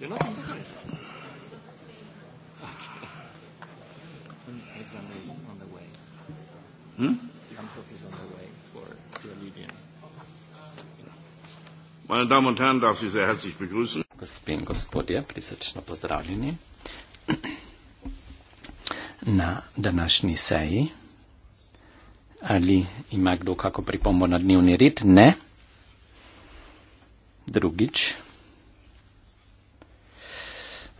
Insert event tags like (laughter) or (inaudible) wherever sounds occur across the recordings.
You're not impressed. Okay. Example is on the way. Hmm? is on the way for the Libyan. Meine Damen und Herren, darf Sie sehr herzlich begrüßen. Gospodin, gospodje, prisrčno pozdravljeni. Na današnji seji, ali ima kdo kako pripombo na dnevni red? Ne. Drugič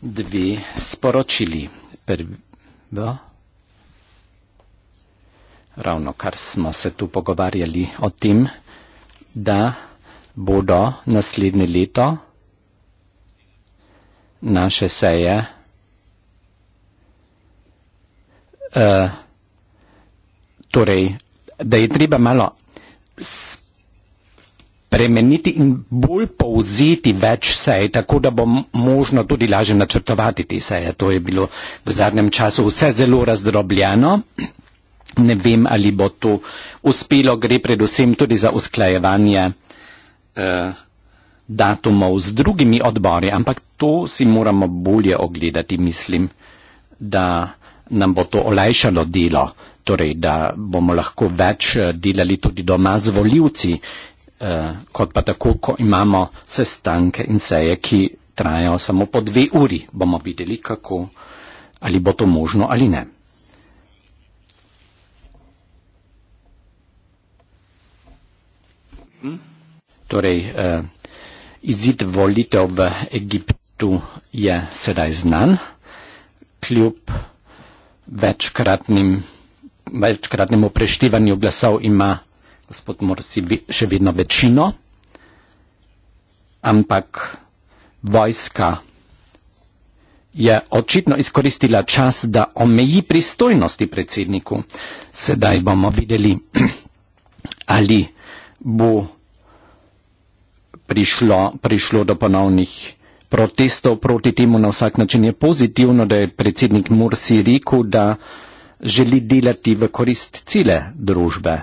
dve sporočili. Prvo, ravno kar smo se tu pogovarjali o tem, da bodo naslednje leto naše seje uh, torej, da je treba malo spremeniti in bolj povzeti več sej, tako da bo možno tudi lažje načrtovati te seje. To je bilo v zadnjem času vse zelo razdrobljeno. Ne vem, ali bo to uspelo. Gre predvsem tudi za usklajevanje eh, datumov z drugimi odbori, ampak to si moramo bolje ogledati, mislim, da nam bo to olajšalo delo, torej da bomo lahko več eh, delali tudi doma z voljivci eh, kot pa tako, ko imamo sestanke in seje, ki trajajo samo po dve uri, bomo videli, kako, ali bo to možno ali ne. Hm? Torej, eh, izid volitev v Egiptu je sedaj znan, kljub večkratnim, večkratnemu preštivanju glasov ima gospod Morsi, še vedno večino, ampak vojska je očitno izkoristila čas, da omeji pristojnosti predsedniku. Sedaj bomo videli, (clears throat) ali bo prišlo, prišlo do ponovnih protestov proti temu. Na vsak način je pozitivno, da je predsednik Morsi rekel, da želi delati v korist cele družbe.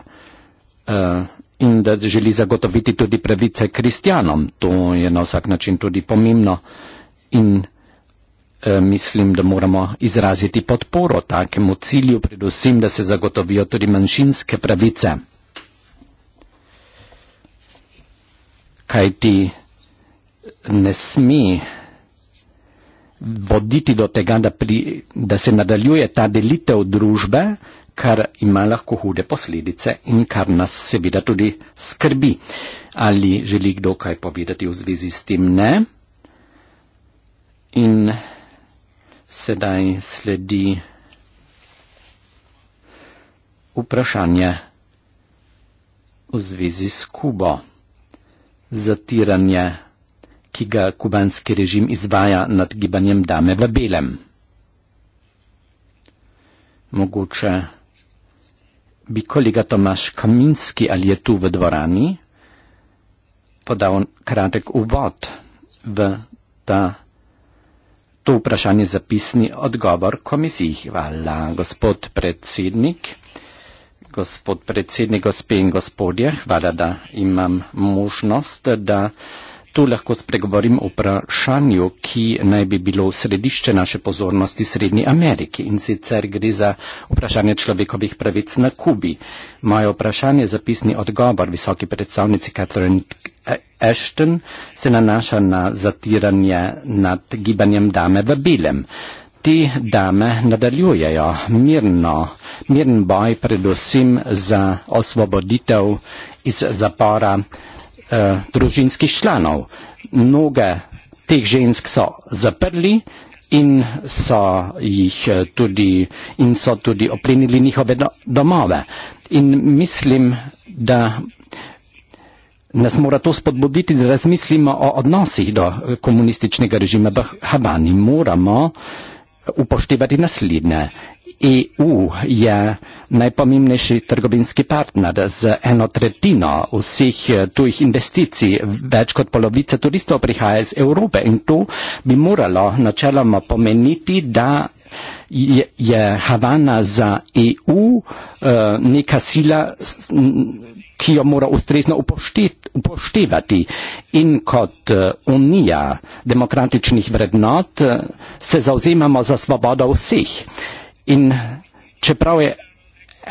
Eh, in da želi zagotoviti tudi pravice kristjanom. To je na vsak način tudi pomembno in eh, mislim, da moramo izraziti podporo takemu cilju, predvsem, da se zagotovijo tudi manjšinske pravice. Kaj ti eh, ne sme voditi do tega, da, pri, da se nadaljuje ta delitev družbe, kar ima lahko hude posledice in kar nas seveda tudi skrbi. Ali želi kdo kaj povedati v zvezi s tem? Ne. In sedaj sledi vprašanje v zvezi s Kubo. Zatiranje, ki ga kubanski režim izvaja nad gibanjem Dame v Belem. Mogoče bi kolega Tomaš Kaminski, ali je tu v dvorani, podal kratek uvod v ta, to vprašanje zapisni odgovor komisiji. Hvala, gospod predsednik. Gospod predsednik, gospe in gospodje, hvala, da imam možnost, da tu lahko spregovorim o vprašanju, ki naj bi bilo središče naše pozornosti Srednji Ameriki in sicer gre za vprašanje človekovih pravic na Kubi. Moje vprašanje, zapisni odgovor visoki predstavnici Catherine Ashton se nanaša na zatiranje nad gibanjem dame v bilem. Te dame nadaljujejo mirno, miren boj predvsem za osvoboditev iz zapora eh, družinskih članov. Mnoge teh žensk so zaprli in so jih eh, tudi in so tudi oplenili njihove domove. In mislim, da nas mora to spodbuditi, da razmislimo o odnosih do eh, komunističnega režima v Havani. Moramo upoštevati naslednje. EU je najpomembnejši trgovinski partner z eno tretjino vseh eh, tujih investicij. Več kot polovica turistov prihaja iz Evrope in to bi moralo načeloma pomeniti, da je, je Havana za EU uh, eh, neka sila, ki jo mora ustrezno upoštevati in kot eh, unija demokratičnih vrednot se zauzemamo za svobodo vseh. In čeprav je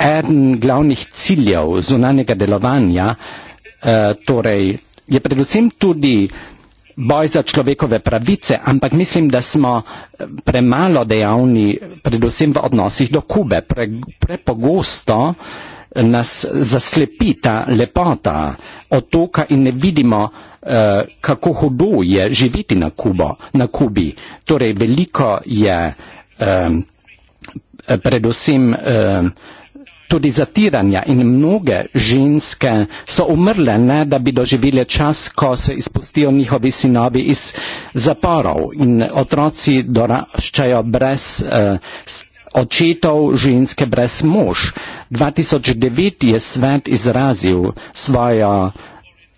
eden glavnih ciljev zunanjega delovanja, eh, torej je predvsem tudi boj za človekove pravice, ampak mislim, da smo eh, premalo dejavni predvsem v odnosih do Kube. Pre, prepogosto nas zaslepi ta lepota otoka in ne vidimo, eh, kako hudo je živeti na, Kubo, na Kubi. Torej, veliko je eh, predvsem eh, tudi zatiranja in mnoge ženske so umrle, ne da bi doživele čas, ko se izpustijo njihovi sinovi iz zaporov in otroci doraščajo brez eh, očetov, ženske brez mož. 2009 je svet izrazil svojo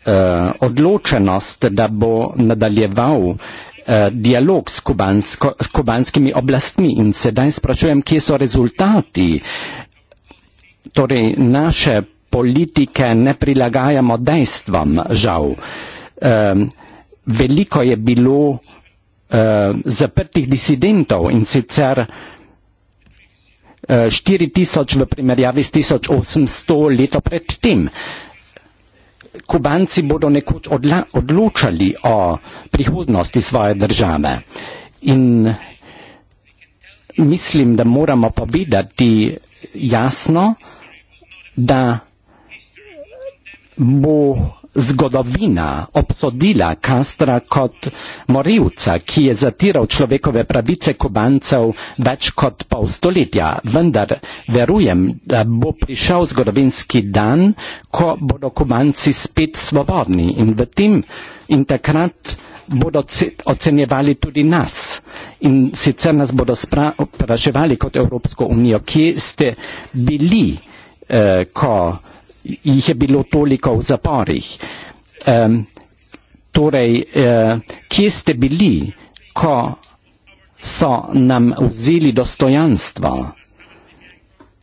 eh, odločenost, da bo nadaljeval eh, Eh, dialog s, kubansko, s kubanskimi oblastmi in sedaj sprašujem, kje so rezultati. Torej, naše politike ne prilagajamo dejstvom, žal. Um, veliko je bilo um, zaprtih disidentov in sicer um, eh, 4000 v primerjavi s 1800 leto pred tem. Um, Kubanci bodo nekoč odločali o prihodnosti svoje države. In mislim, da moramo povedati jasno, da bo zgodovina obsodila Kastra kot morilca, ki je zatiral človekove pravice Kubancev več kot pol stoletja. Vendar verujem, da bo prišel zgodovinski dan, ko bodo Kubanci spet svobodni in v tem in takrat bodo ocenjevali tudi nas in sicer nas bodo spraševali kot Evropsko unijo, kje ste bili, eh, ko jih je bilo toliko v zaporih. Um, torej, uh, kje ste bili, ko so nam vzeli dostojanstvo?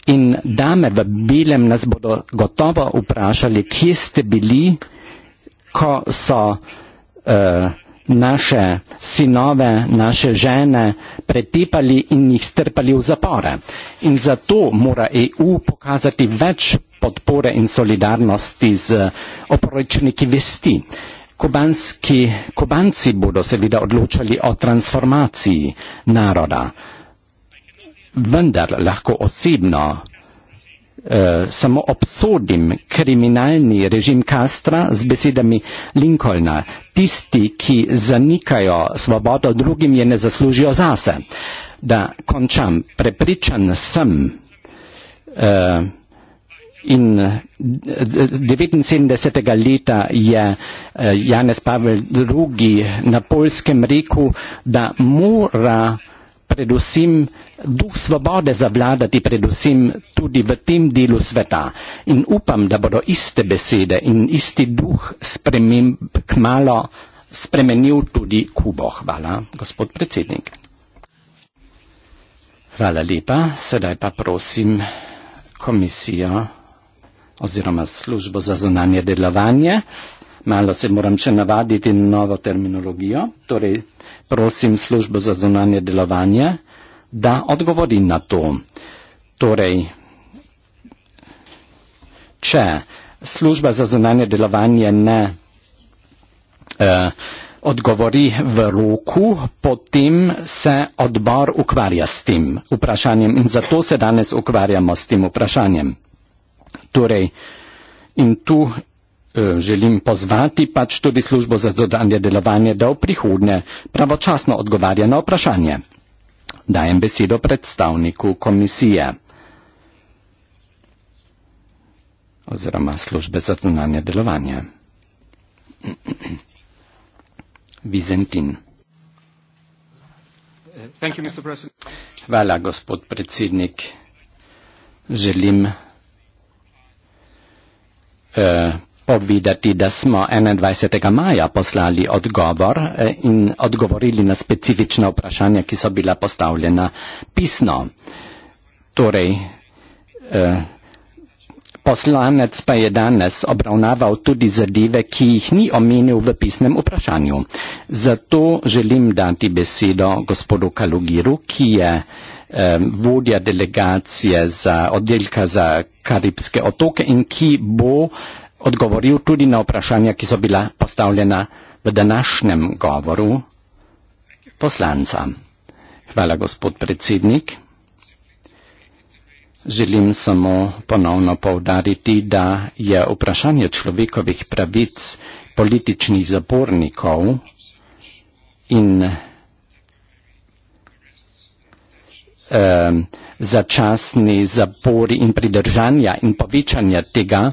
In dame v belem nas bodo gotovo vprašali, kje ste bili, ko so uh, naše sinove, naše žene pretepali in jih strpali v zapore. In zato mora EU pokazati več podpore in solidarnosti z eh, oporočniki vesti. Kubanski, kubanci bodo seveda odločali o transformaciji naroda, vendar lahko osebno eh, samo obsodim kriminalni režim Kastra z besedami Lincolna. Tisti, ki zanikajo svobodo drugim, je ne zaslužijo zase. Da končam, prepričan sem, eh, In 79. Eh, leta je eh, Janez Pavel II. na polskem rekel, da mora predvsem duh svobode zavladati predvsem tudi v tem delu sveta. In upam, da bodo iste besede in isti duh sprememb kmalo spremenil tudi Kubo. Hvala, gospod predsednik. Hvala lepa. Sedaj pa prosim komisijo oziroma službo za zunanje delovanje. Malo se moram še navaditi na novo terminologijo, torej prosim službo za zunanje delovanje, da odgovori na to. Torej, če služba za zunanje delovanje ne eh, odgovori v roku, potem se odbor ukvarja s tem vprašanjem in zato se danes ukvarjamo s tem vprašanjem. Torej, in tu eh, želim pozvati pač tudi službo za zadanje delovanje, da v prihodnje pravočasno odgovarja na vprašanje. Dajem besedo predstavniku komisije oziroma službe za zadanje delovanje. (clears throat) Vizentin. Hvala, gospod predsednik. Želim povedati, eh, da smo 21. maja poslali odgovor eh, in odgovorili na specifična vprašanja, ki so bila postavljena pisno. Torej, eh, poslanec pa je danes obravnaval tudi zadeve, ki jih ni omenil v pisnem vprašanju. Zato želim dati besedo gospodu Kalugiru, ki je eh, vodja delegacije za oddelka za Karibske otoke in ki bo odgovoril tudi na vprašanja, ki so bila postavljena v današnjem govoru poslanca. Hvala, gospod predsednik. Želim samo ponovno povdariti, da je vprašanje človekovih pravic političnih zapornikov in eh, začasni zapori in pridržanja in povečanja tega,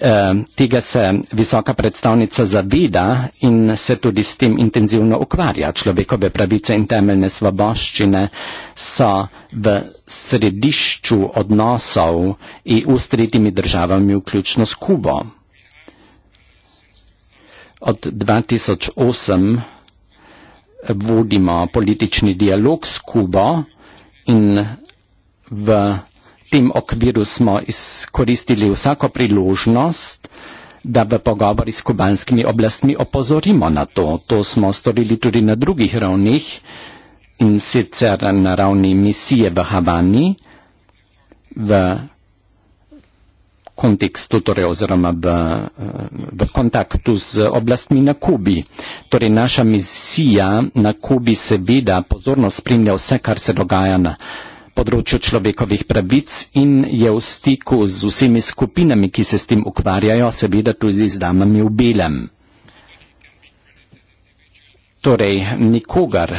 eh, tega se visoka predstavnica zaveda in se tudi s tem intenzivno ukvarja. Človekove pravice in temeljne svoboščine so v središču odnosov EU s tretjimi državami, vključno s Kubo. Od 2008 vodimo politični dialog s Kubo in v tem okviru smo izkoristili vsako priložnost, da v pogovori s kubanskimi oblastmi opozorimo na to. To smo storili tudi na drugih ravnih in sicer na ravni misije v Havani, v kontekstu, torej oziroma v, v kontaktu z oblastmi na Kubi. Torej naša misija na Kubi seveda pozorno spremlja vse, kar se dogaja na področju človekovih pravic in je v stiku z vsemi skupinami, ki se s tem ukvarjajo, seveda tudi z damami v belem. Torej, nikogar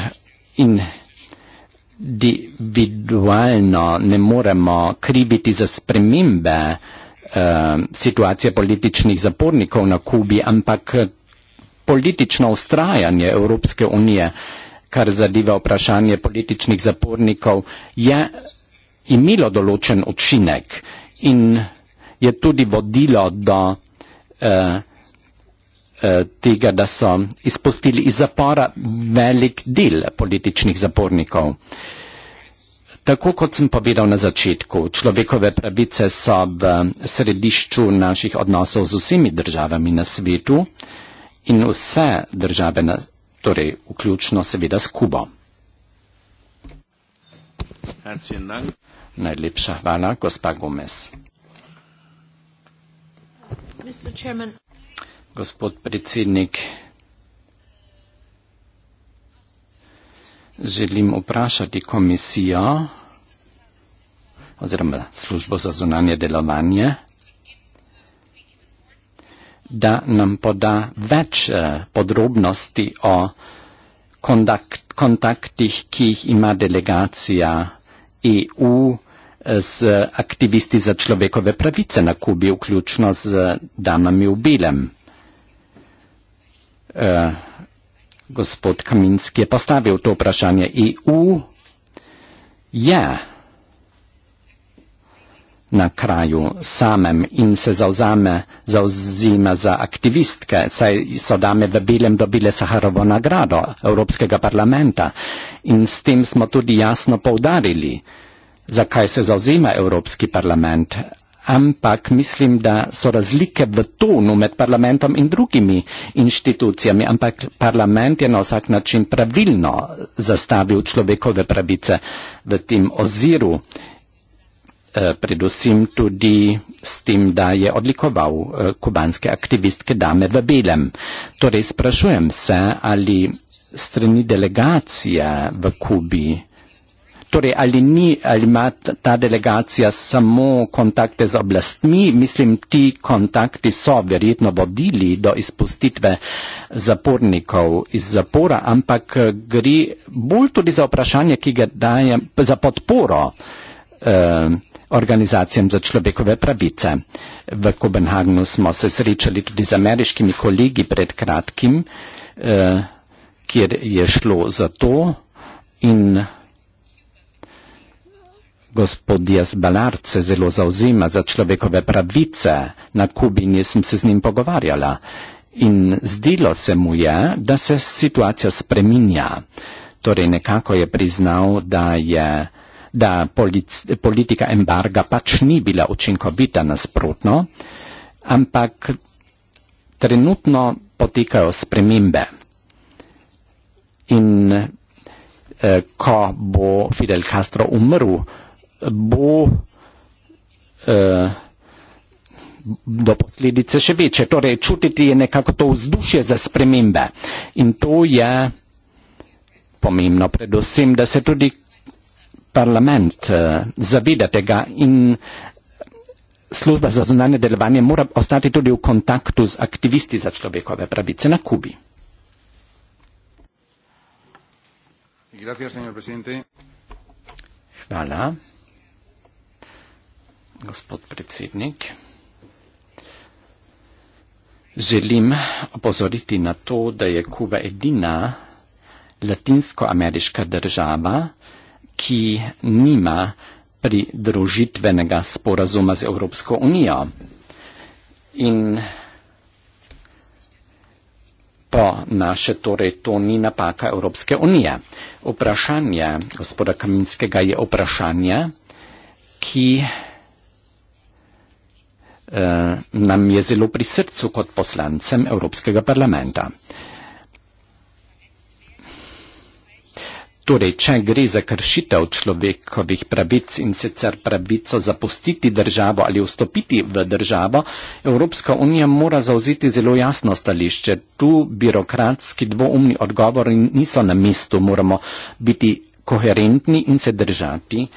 in individualno ne moremo kriviti za spremembe uh, Eh, situacije političnih zapornikov na Kubi, ampak eh, politično ustrajanje Evropske unije, kar zadeva vprašanje političnih zapornikov, je imelo določen učinek in je tudi vodilo do eh, tega, da so izpustili iz zapora velik del političnih zapornikov. Uh, Tako kot sem povedal na začetku, človekove pravice so v središču naših odnosov z vsemi državami na svetu in vse države, na, torej vključno seveda s Kubo. Najlepša hvala, gospa Gomez. Gospod predsednik, želim vprašati komisijo, oziroma službo za zunanje delovanje, da nam poda več eh, podrobnosti o kontaktih, ki jih ima delegacija EU eh, z aktivisti za človekove pravice na Kubi, vključno z Danom Jubilem. Eh, gospod Kaminski je postavil to vprašanje. EU je. Yeah na kraju samem in se zauzame, zauzima za aktivistke, saj so dame v Belem dobile Saharovo nagrado Evropskega parlamenta in s tem smo tudi jasno povdarili, zakaj se zauzima Evropski parlament, ampak mislim, da so razlike v tonu med parlamentom in drugimi inštitucijami, ampak parlament je na vsak način pravilno zastavil človekove pravice v tem oziru. Eh, predvsem tudi s tem, da je odlikoval eh, kubanske aktivistke dame v belem. Torej sprašujem se, ali strani delegacije v Kubi, torej ali, ni, ali ima ta delegacija samo kontakte z oblastmi, mislim, ti kontakti so verjetno vodili do izpustitve zapornikov iz zapora, ampak eh, gre bolj tudi za vprašanje, ki ga dajem, za podporo. Uh, organizacijam za človekove pravice. V Kopenhagnu smo se srečali tudi z ameriškimi kolegi pred kratkim, eh, kjer je šlo za to in gospod Jaz Balard se zelo zauzima za človekove pravice na Kubi in jaz sem se z njim pogovarjala. In zdelo se mu je, da se situacija spreminja. Torej nekako je priznal, da je da politika embarga pač ni bila učinkovita nasprotno, ampak trenutno potekajo spremembe. In eh, ko bo Fidel Castro umrl, bo eh, do posledice še večje. Torej, čutiti je nekako to vzdušje za spremembe. In to je pomembno, predvsem, da se tudi parlament, eh, zaveda tega in služba za zunanje delovanje mora ostati tudi v kontaktu z aktivisti za človekove pravice na Kubi. Hvala, gospod predsednik. Želim opozoriti na to, da je Kuba edina latinskoameriška država, ki nima pridružitvenega sporazuma z Evropsko unijo. In po naše torej to ni napaka Evropske unije. Vprašanje gospoda Kaminskega je vprašanje, ki eh, nam je zelo pri srcu kot poslancem Evropskega parlamenta. Eh, Torej, če gre za kršitev človekovih pravic in sicer pravico zapustiti državo ali vstopiti v državo, Evropska unija mora zauzeti zelo jasno stališče. Tu birokratski dvoumni odgovori niso na mestu, moramo biti koherentni in se držati eh,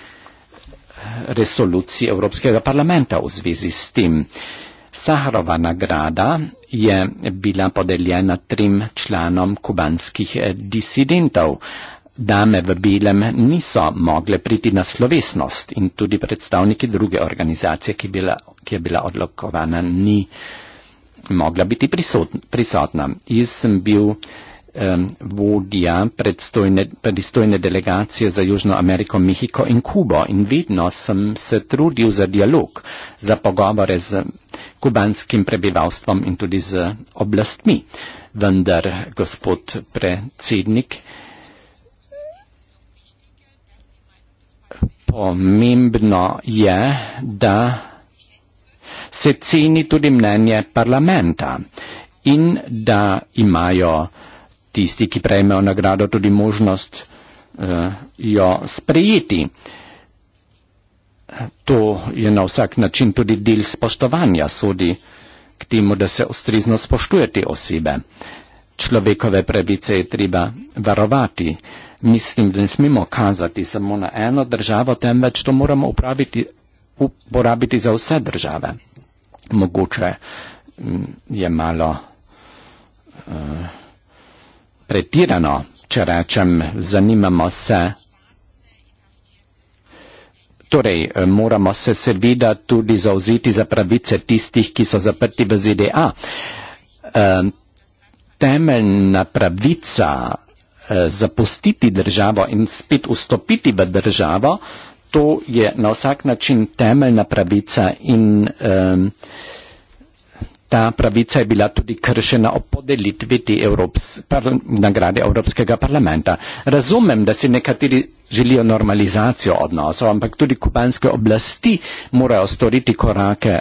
resoluciji Evropskega parlamenta v zvezi s tem. Saharova nagrada je bila podeljena trim članom kubanskih disidentov. Dame v Bilem niso mogle priti na slovesnost in tudi predstavniki druge organizacije, ki, bila, ki je bila odlokovana, ni mogla biti prisotna. Jaz sem bil um, vodja predstojne, predstojne delegacije za Južno Ameriko, Mehiko in Kubo in vedno sem se trudil za dialog, za pogovore z kubanskim prebivalstvom in tudi z oblastmi. Vendar, gospod predsednik, pomembno je, da se ceni tudi mnenje parlamenta in da imajo tisti, ki prejmejo nagrado, tudi možnost uh, jo sprejeti. To je na vsak način tudi del spoštovanja, sodi k temu, da se ustrezno spoštuje te osebe. Človekove pravice je treba varovati mislim, da ne smemo kazati samo na eno državo, temveč to moramo upraviti, uporabiti za vse države. Mogoče mm, je malo uh, pretirano, če rečem, zanimamo se. Torej, eh, moramo se seveda tudi zauziti za pravice tistih, ki so zaprti v ZDA. Uh, eh, temeljna pravica uh, Eh, zapustiti državo in spet vstopiti v državo, to je na vsak način temeljna pravica in um, ta pravica je bila tudi kršena ob podelitvi te Evrops nagrade Evropskega parlamenta. Razumem, da si nekateri želijo normalizacijo odnosov, ampak tudi kubanske oblasti morajo storiti korake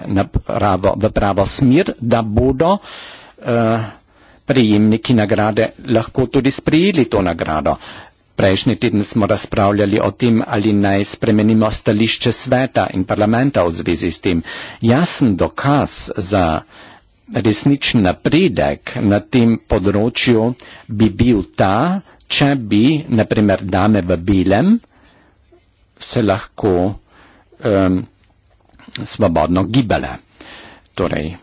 pravo, v pravo smer, da bodo uh, prejemniki nagrade lahko tudi sprejeli to nagrado. Prejšnji teden smo razpravljali o tem, ali naj spremenimo stališče sveta in parlamenta v zvezi s tem. Jasen dokaz za resničen napredek na tem področju bi bil ta, če bi, naprimer, dame v belem se lahko um, svobodno gibale. Torej,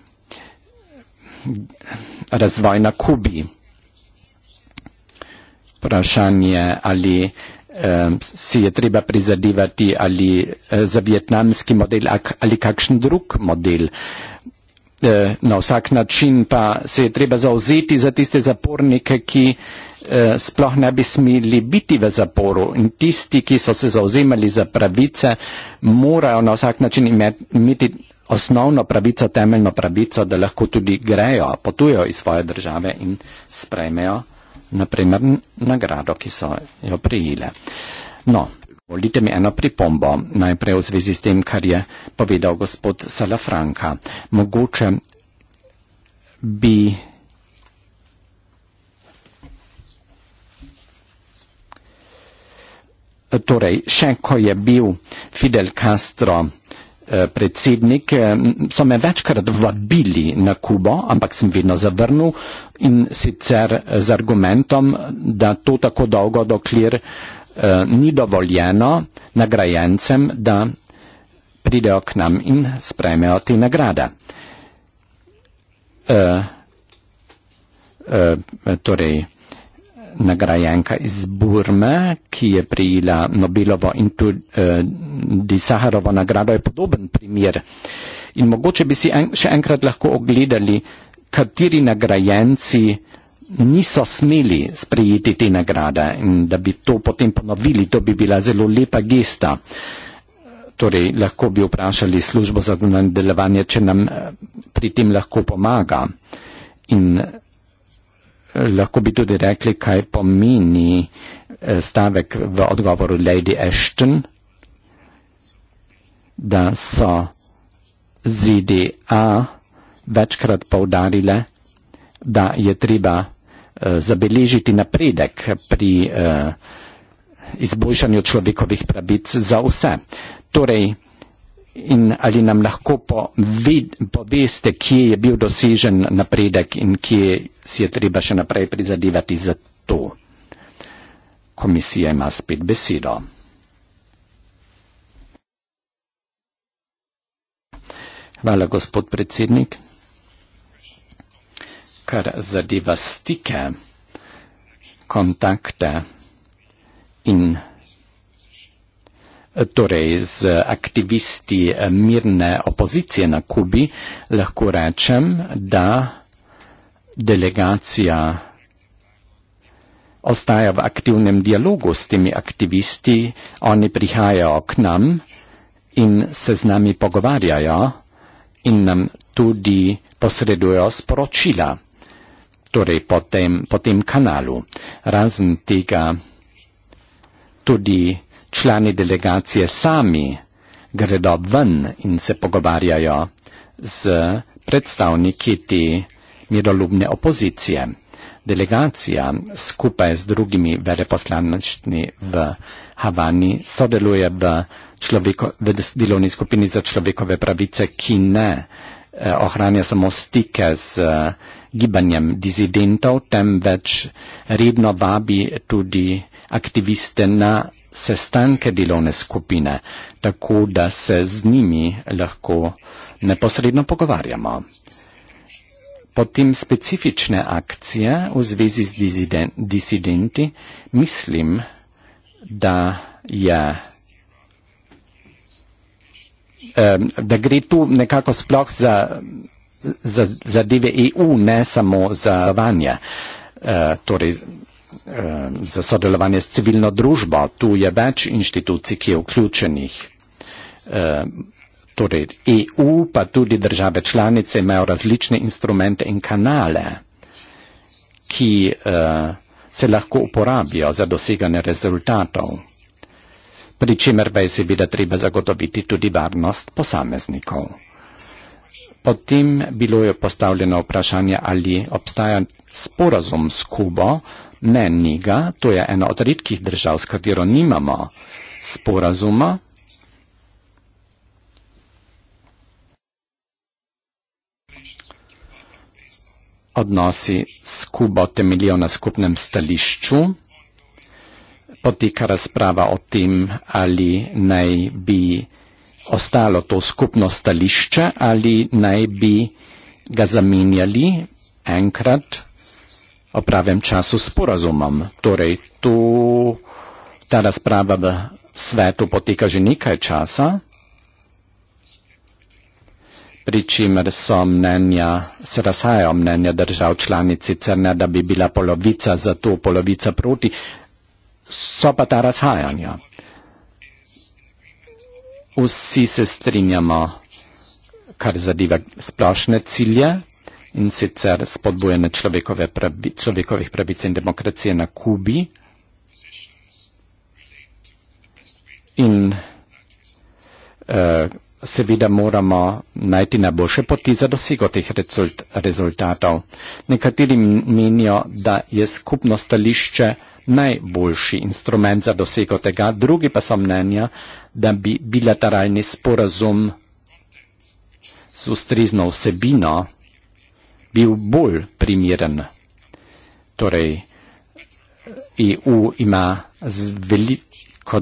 razvoj na Kubi. Vprašanje, ali eh, si je treba prizadevati ali eh, za vietnamski model ali kakšen drug model. Eh, na vsak način pa se je treba zauzeti za tiste zapornike, ki eh, sploh ne bi smeli biti v zaporu in tisti, ki so se zauzemali za pravice, morajo na vsak način imeti, imeti osnovno pravico, temeljno pravico, da lahko tudi grejo, potujejo iz svoje države in sprejmejo, naprimer, nagrado, ki so jo prijele. No, volite mi eno pripombo, najprej v zvezi s tem, kar je povedal gospod Salafranka. Mogoče bi. Torej, še ko je bil Fidel Castro Eh, predsednik, eh, so me večkrat vabili na Kubo, ampak sem vedno zavrnil in sicer eh, z argumentom, da to tako dolgo, dokler ni dovoljeno nagrajencem, da pridejo k nam in sprejmejo te nagrade. Uh, uh, torej, nagrajenka iz Burme, ki je prijela Nobelovo in tudi eh, Disaharovo nagrado, je podoben primer. In mogoče bi si en, še enkrat lahko ogledali, kateri nagrajenci niso smeli sprejeti te nagrade in da bi to potem ponovili, to bi bila zelo lepa gesta. Torej, lahko bi vprašali službo za delovanje, če nam eh, pri tem lahko pomaga. In lahko bi tudi rekli, kaj pomeni eh, stavek v odgovoru Lady Ashton, da so ZDA večkrat povdarile, da je treba eh, zabeležiti napredek pri eh, izboljšanju človekovih pravic za vse. Torej, in ali nam lahko poved, poveste, kje je bil dosežen napredek in kje si je treba še naprej prizadevati za to. Komisija ima spet besedo. Hvala, gospod predsednik. Kar zadeva stike, kontakte in torej z aktivisti eh, mirne opozicije na Kubi, lahko rečem, da delegacija ostaja v aktivnem dialogu s temi aktivisti, oni prihajajo k nam in se z nami pogovarjajo in nam tudi posredujo sporočila, torej po tem, po tem kanalu. Razen tega tudi člani delegacije sami gredo ven in se pogovarjajo z predstavniki te miroljubne opozicije. Delegacija skupaj z drugimi veleposlanični v Havani sodeluje v, človeko, v delovni skupini za človekove pravice, ki ne eh, ohranja samo stike z eh, gibanjem dizidentov, temveč redno vabi tudi aktiviste na sestanke delovne skupine, tako da se z njimi lahko neposredno pogovarjamo. Potem specifične akcije v zvezi z disidenti, mislim, da, je, da gre tu nekako sploh za zadeve za e EU, ne samo za vanje. E, torej, Eh, za sodelovanje s civilno družbo. Tu je več inštitucij, ki je vključenih. Eh, torej EU, pa tudi države članice imajo različne instrumente in kanale, ki eh, se lahko uporabijo za doseganje rezultatov. Pri čemer pa je seveda treba zagotoviti tudi varnost posameznikov. Potem bilo je postavljeno vprašanje, ali obstaja sporazum s Kubo, Ne, Niga, to je ena od redkih držav, s katero nimamo sporazuma. Odnosi s Kubo temeljijo na skupnem stališču. Poteka razprava o tem, ali naj bi ostalo to skupno stališče ali naj bi ga zamenjali enkrat o pravem času s porazumom. Torej, tu ta razprava v svetu poteka že nekaj časa, pri čimer so mnenja, se razhajajo mnenja držav članic, sicer ne, da bi bila polovica za to, polovica proti, so pa ta razhajanja. Vsi se strinjamo, kar zadeva splošne cilje, in sicer spodbujanje človekove pravi, človekovih pravic in demokracije na Kubi in uh, seveda moramo najti najboljše poti za dosego teh rezult, rezultatov. Nekateri menijo, da je skupno stališče najboljši instrument za dosego tega, drugi pa so mnenja, da bi bilateralni sporazum z ustrezno vsebino bil bolj primeren. Torej, EU ima z veliko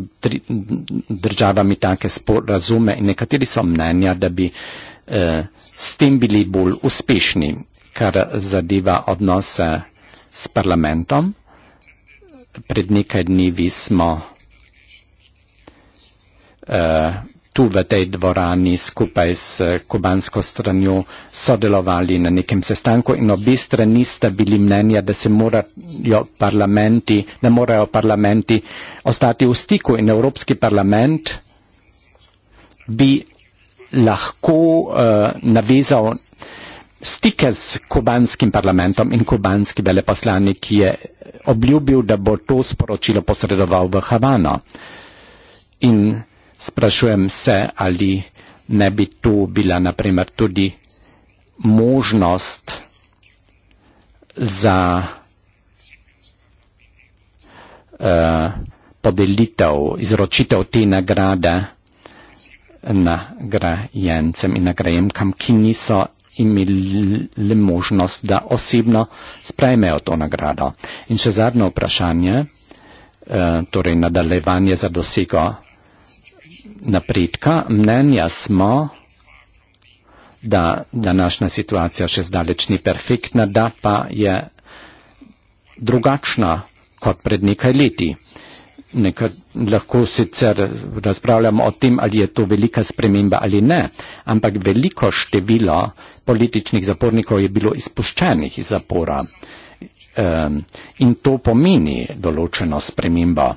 državami take sporazume in nekateri so mnenja, da bi eh, s tem bili bolj uspešni, kar zadeva odnose s parlamentom. Pred nekaj dnevi smo eh, tu v tej dvorani skupaj s kubansko stranjo sodelovali na nekem sestanku in obi strani sta bili mnenja, da se morajo parlamenti, da morajo parlamenti ostati v stiku in Evropski parlament bi lahko uh, navezal stike s kubanskim parlamentom in kubanski veleposlanik, ki je obljubil, da bo to sporočilo posredoval v Havano. In Sprašujem se, ali ne bi tu bila naprimer tudi možnost za uh, podelitev, izročitev te nagrade nagrajencem in nagrajemkam, ki niso imeli možnost, da osebno sprejmejo to nagrado. In še zadnje vprašanje, eh, torej nadaljevanje za dosego napredka, mnenja smo, da današnja situacija še zdaleč ni perfektna, da pa je drugačna kot pred nekaj leti. Nekaj, lahko sicer razpravljamo o tem, ali je to velika sprememba ali ne, ampak veliko število političnih zapornikov je bilo izpuščenih iz zapora. Ehm, in to pomeni določeno spremembo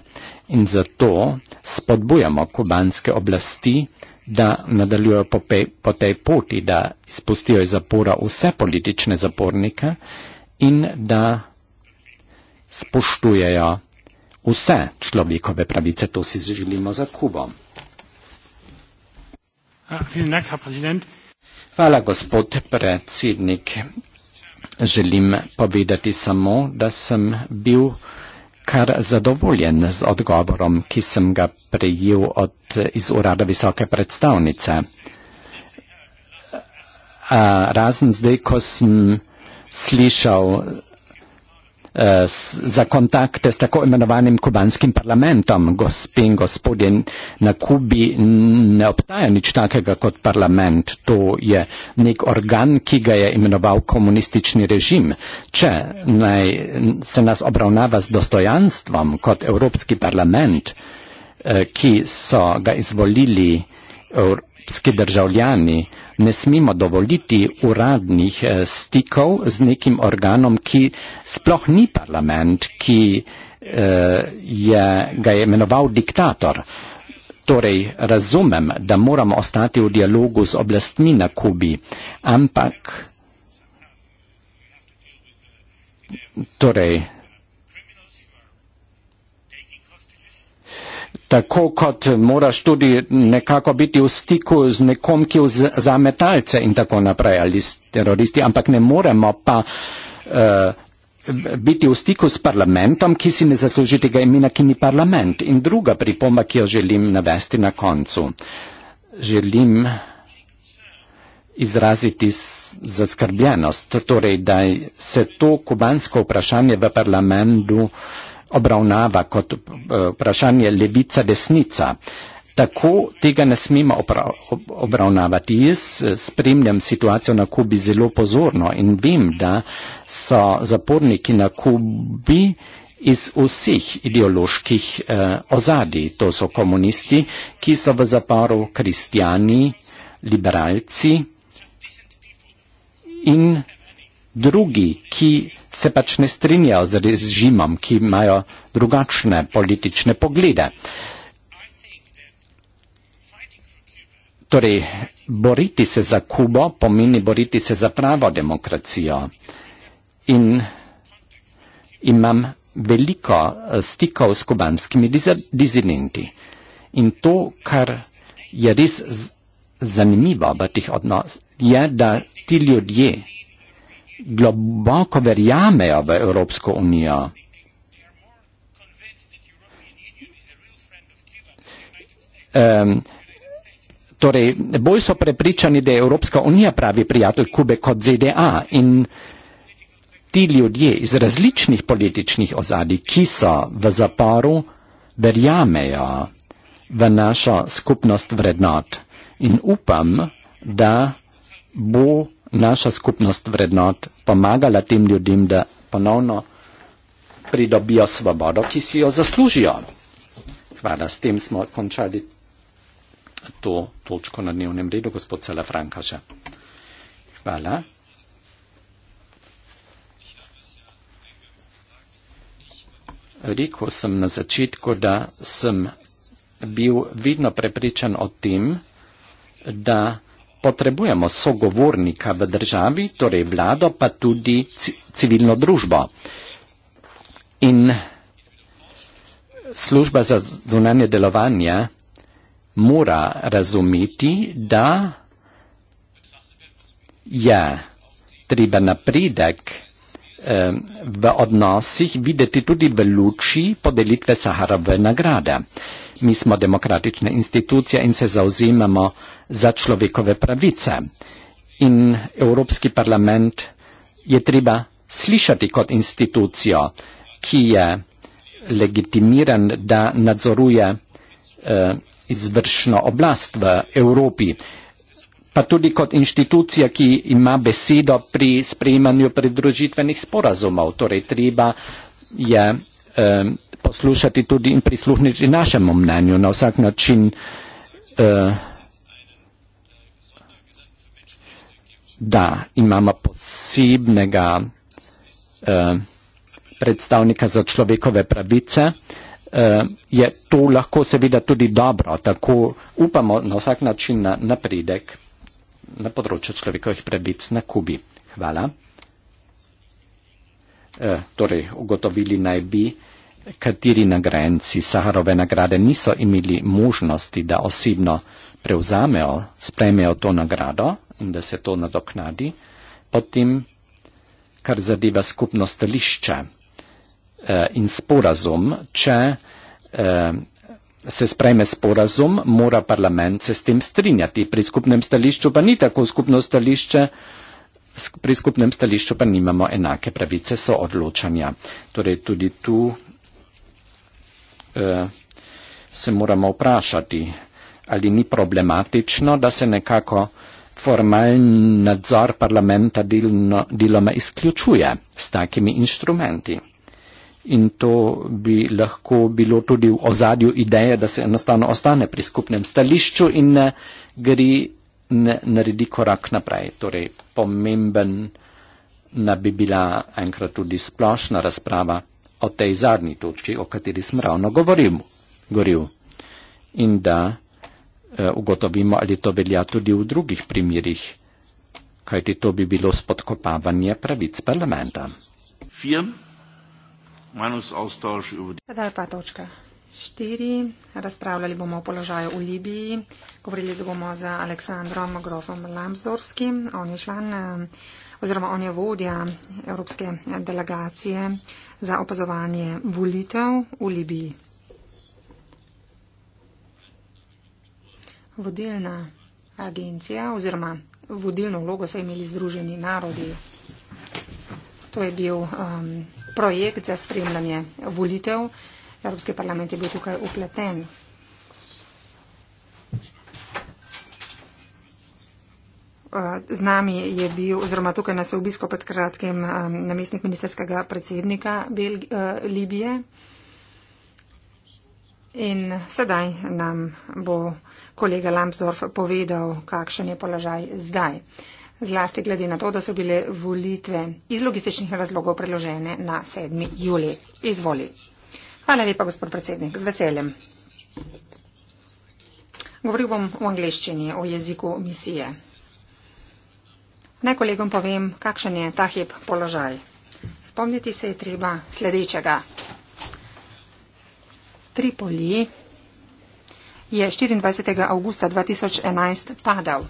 in zato spodbujamo kubanske oblasti, da nadaljujo po, pe, po tej poti, da izpustijo iz zapora vse politične zapornike in da spoštujejo vse človekove pravice. To si želimo za Kubo. Ja, Hvala, gospod predsednik. Želim povedati samo, da sem bil kar zadovoljen z odgovorom, ki sem ga prejel od, iz urada visoke predstavnice. A, razen zdaj, ko sem slišal Eh, za kontakte s tako imenovanim kubanskim parlamentom. Gospi in gospodje, na Kubi ne obstaja nič takega kot parlament. To je nek organ, ki ga je imenoval komunistični režim. Če naj se nas obravnava z dostojanstvom kot Evropski parlament, eh, ki so ga izvolili Evropski parlament, egipski državljani ne smemo dovoliti uradnih eh, stikov z nekim organom, ki sploh ni parlament, ki eh, je, ga je imenoval diktator. Torej, razumem, da moramo ostati v dialogu z oblastmi na Kubi, ampak torej, tako kot moraš tudi nekako biti v stiku z nekom, ki za metalce in tako naprej ali s teroristi, ampak ne moremo pa uh, biti v stiku s parlamentom, ki si ne zasluži tega imena, ki ni parlament. In druga pripomba, ki jo želim navesti na koncu. Želim izraziti zaskrbljenost, torej da se to kubansko vprašanje v parlamentu uh, obravnava kot eh, vprašanje levica desnica. Tako tega ne smemo obravnavati. Jaz eh, spremljam situacijo na Kubi zelo pozorno in vem, da so zaporniki na Kubi iz vseh ideoloških eh, ozadij. To so komunisti, ki so v zaporu kristijani, liberalci in drugi, ki se pač ne strinjajo z režimom, ki imajo drugačne politične poglede. Torej, boriti se za Kubo pomeni boriti se za pravo demokracijo. In imam veliko eh, stikov s kubanskimi dizidenti. In to, kar je res zanimivo v teh odnosih, je, da ti ljudje globoko verjamejo v Evropsko unijo. Um, torej, bolj so prepričani, da je Evropska unija pravi prijatelj Kube kot ZDA in ti ljudje iz različnih političnih ozadij, ki so v zaporu, verjamejo v našo skupnost vrednot in upam, da bo naša skupnost vrednot pomagala tem ljudem, da ponovno pridobijo svobodo, ki si jo zaslužijo. Hvala, s tem smo končali to točko na dnevnem redu, gospod Celafrankaša. Hvala. Rekl sem na začetku, da sem bil vedno prepričan o tem, da potrebujemo sogovornika v državi, torej vlado, pa tudi civilno družbo. In služba za zunanje delovanje mora razumeti, da je treba napredek Ehm, v odnosih videti tudi v luči podelitve Saharove nagrade. Mi smo demokratična institucija in se zauzimamo za človekove pravice. In Evropski parlament je treba slišati kot institucijo, ki je legitimiran, da nadzoruje eh, izvršno oblast v Evropi pa tudi kot inštitucija, ki ima besedo pri sprejemanju predružitvenih sporazumov. Torej, treba je um, poslušati tudi in prisluhniti našemu mnenju na vsak način. Uh, da imamo posebnega eh, predstavnika za človekove pravice, eh, je to lahko seveda tudi dobro, tako upamo na vsak način na napredek na področju človekovih prebic na Kubi. Hvala. E, torej, ugotovili naj bi, kateri nagrajenci Saharove nagrade niso imeli možnosti, da osebno prevzamejo, spremejo to nagrado in da se to nadoknadi. Potem, kar zadeva skupnost lišča e, in sporazum, če e, se sprejme sporazum, mora parlament se s tem strinjati. Pri skupnem stališču pa ni tako skupno stališče, pri skupnem stališču pa nimamo enake pravice so odločanja. Torej tudi tu eh, se moramo vprašati, ali ni problematično, da se nekako formalni nadzor parlamenta delno, deloma izključuje s takimi inštrumenti in to bi lahko bilo tudi v ozadju ideje, da se enostavno ostane pri skupnem stališču in ne eh, gre, ne naredi korak naprej. Torej, pomemben na bi bila enkrat tudi splošna razprava o tej zadnji točki, o kateri smo ravno govoril. In da eh, ugotovimo, ali to velja tudi v drugih primerjih, kajti to bi bilo spodkopavanje pravic parlamenta. Vier. Meinungsaustausch über die. Štiri, razpravljali bomo o položaju v Libiji, govorili bomo z Aleksandrom Grofom Lambsdorfskim, on je član eh, oziroma on je vodja Evropske delegacije za opazovanje volitev v Libiji. Vodilna agencija oziroma vodilno vlogo so imeli Združeni narodi. To je bil. Um, projekt za spremljanje volitev. Evropski parlament je bil tukaj upleten. Eh, z nami je bil, oziroma tukaj nas je obisko pred kratkim eh, namestnik ministerskega predsednika Belg eh, Libije. In sedaj nam bo kolega Lambsdorff povedal, kakšen je položaj zdaj. Uh, zlasti glede na to, da so bile volitve iz logističnih razlogov predložene na 7. juli. Izvoli. Hvala lepa, gospod predsednik. Z veseljem. Govoril bom v angleščini, o jeziku misije. Naj kolegom povem, kakšen je ta hip položaj. Spomniti se je treba sledečega. Tripoli je 24. avgusta 2011 padal.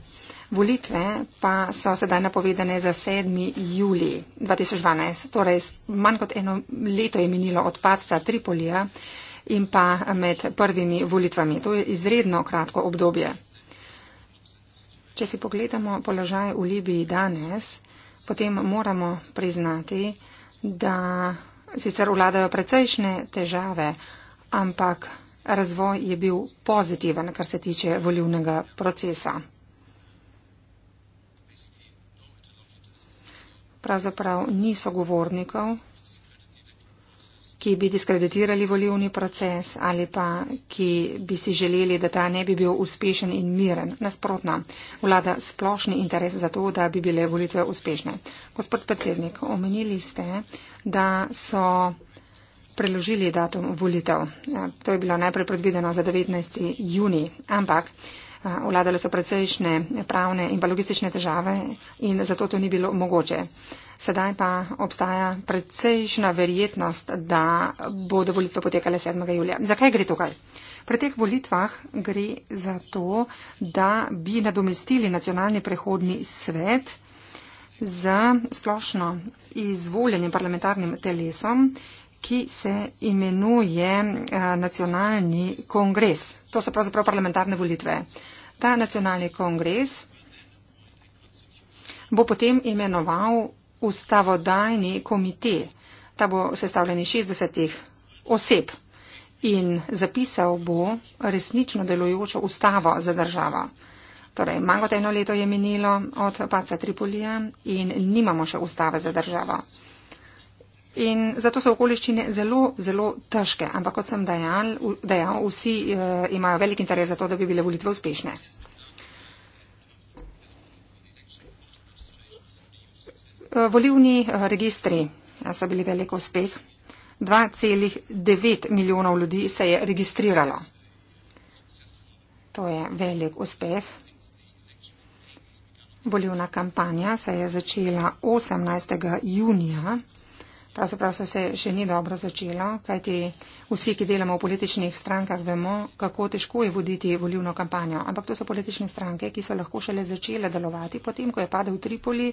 Volitve pa so sedaj napovedane za 7. juli 2012, torej manj kot eno leto je minilo od padca Tripolija in pa med prvimi volitvami. To je izredno kratko obdobje. Če si pogledamo položaj v Libiji danes, potem moramo priznati, da sicer vladajo precejšnje težave, ampak razvoj je bil pozitiven, kar se tiče volivnega procesa. pravzaprav ni sogovornikov, ki bi diskreditirali volivni proces ali pa ki bi si želeli, da ta ne bi bil uspešen in miren. Nasprotno, vlada splošni interes za to, da bi bile volitve uspešne. Gospod predsednik, omenili ste, da so preložili datum volitev. Ja, to je bilo najprej predvideno za 19. juni, ampak. Eh, vladale so precejšnje pravne in pa logistične težave in zato to ni bilo mogoče. Sedaj pa obstaja precejšna verjetnost, da bodo volitve potekale 7. julija. Zakaj gre tukaj? Pri teh volitvah gre za to, da bi nadomestili nacionalni prehodni svet z splošno izvoljenim parlamentarnim telesom, ki se imenuje eh, nacionalni kongres. To so pravzaprav parlamentarne volitve. Ta nacionalni kongres bo potem imenoval ustavodajni komite. Ta bo sestavljen iz 60 oseb in zapisal bo resnično delujočo ustavo za državo. Torej, manj kot eno leto je minilo od paca Tripolija in nimamo še ustave za državo. In zato so okoliščine zelo, zelo težke. Ampak kot sem dejal, dejal vsi eh, imajo velik interes za to, da bi bile volitve uspešne. Eh, volivni eh, registri eh, so bili velik uspeh. 2,9 milijonov ljudi se je registriralo. To je velik uspeh. Volivna kampanja se je začela 18. junija Pravzaprav so se še ni dobro začelo, kajti vsi, ki delamo v političnih strankah, vemo, kako težko je voditi volivno kampanjo. Ampak to so politične stranke, ki so lahko šele začele delovati, potem, ko je padel v Tripoli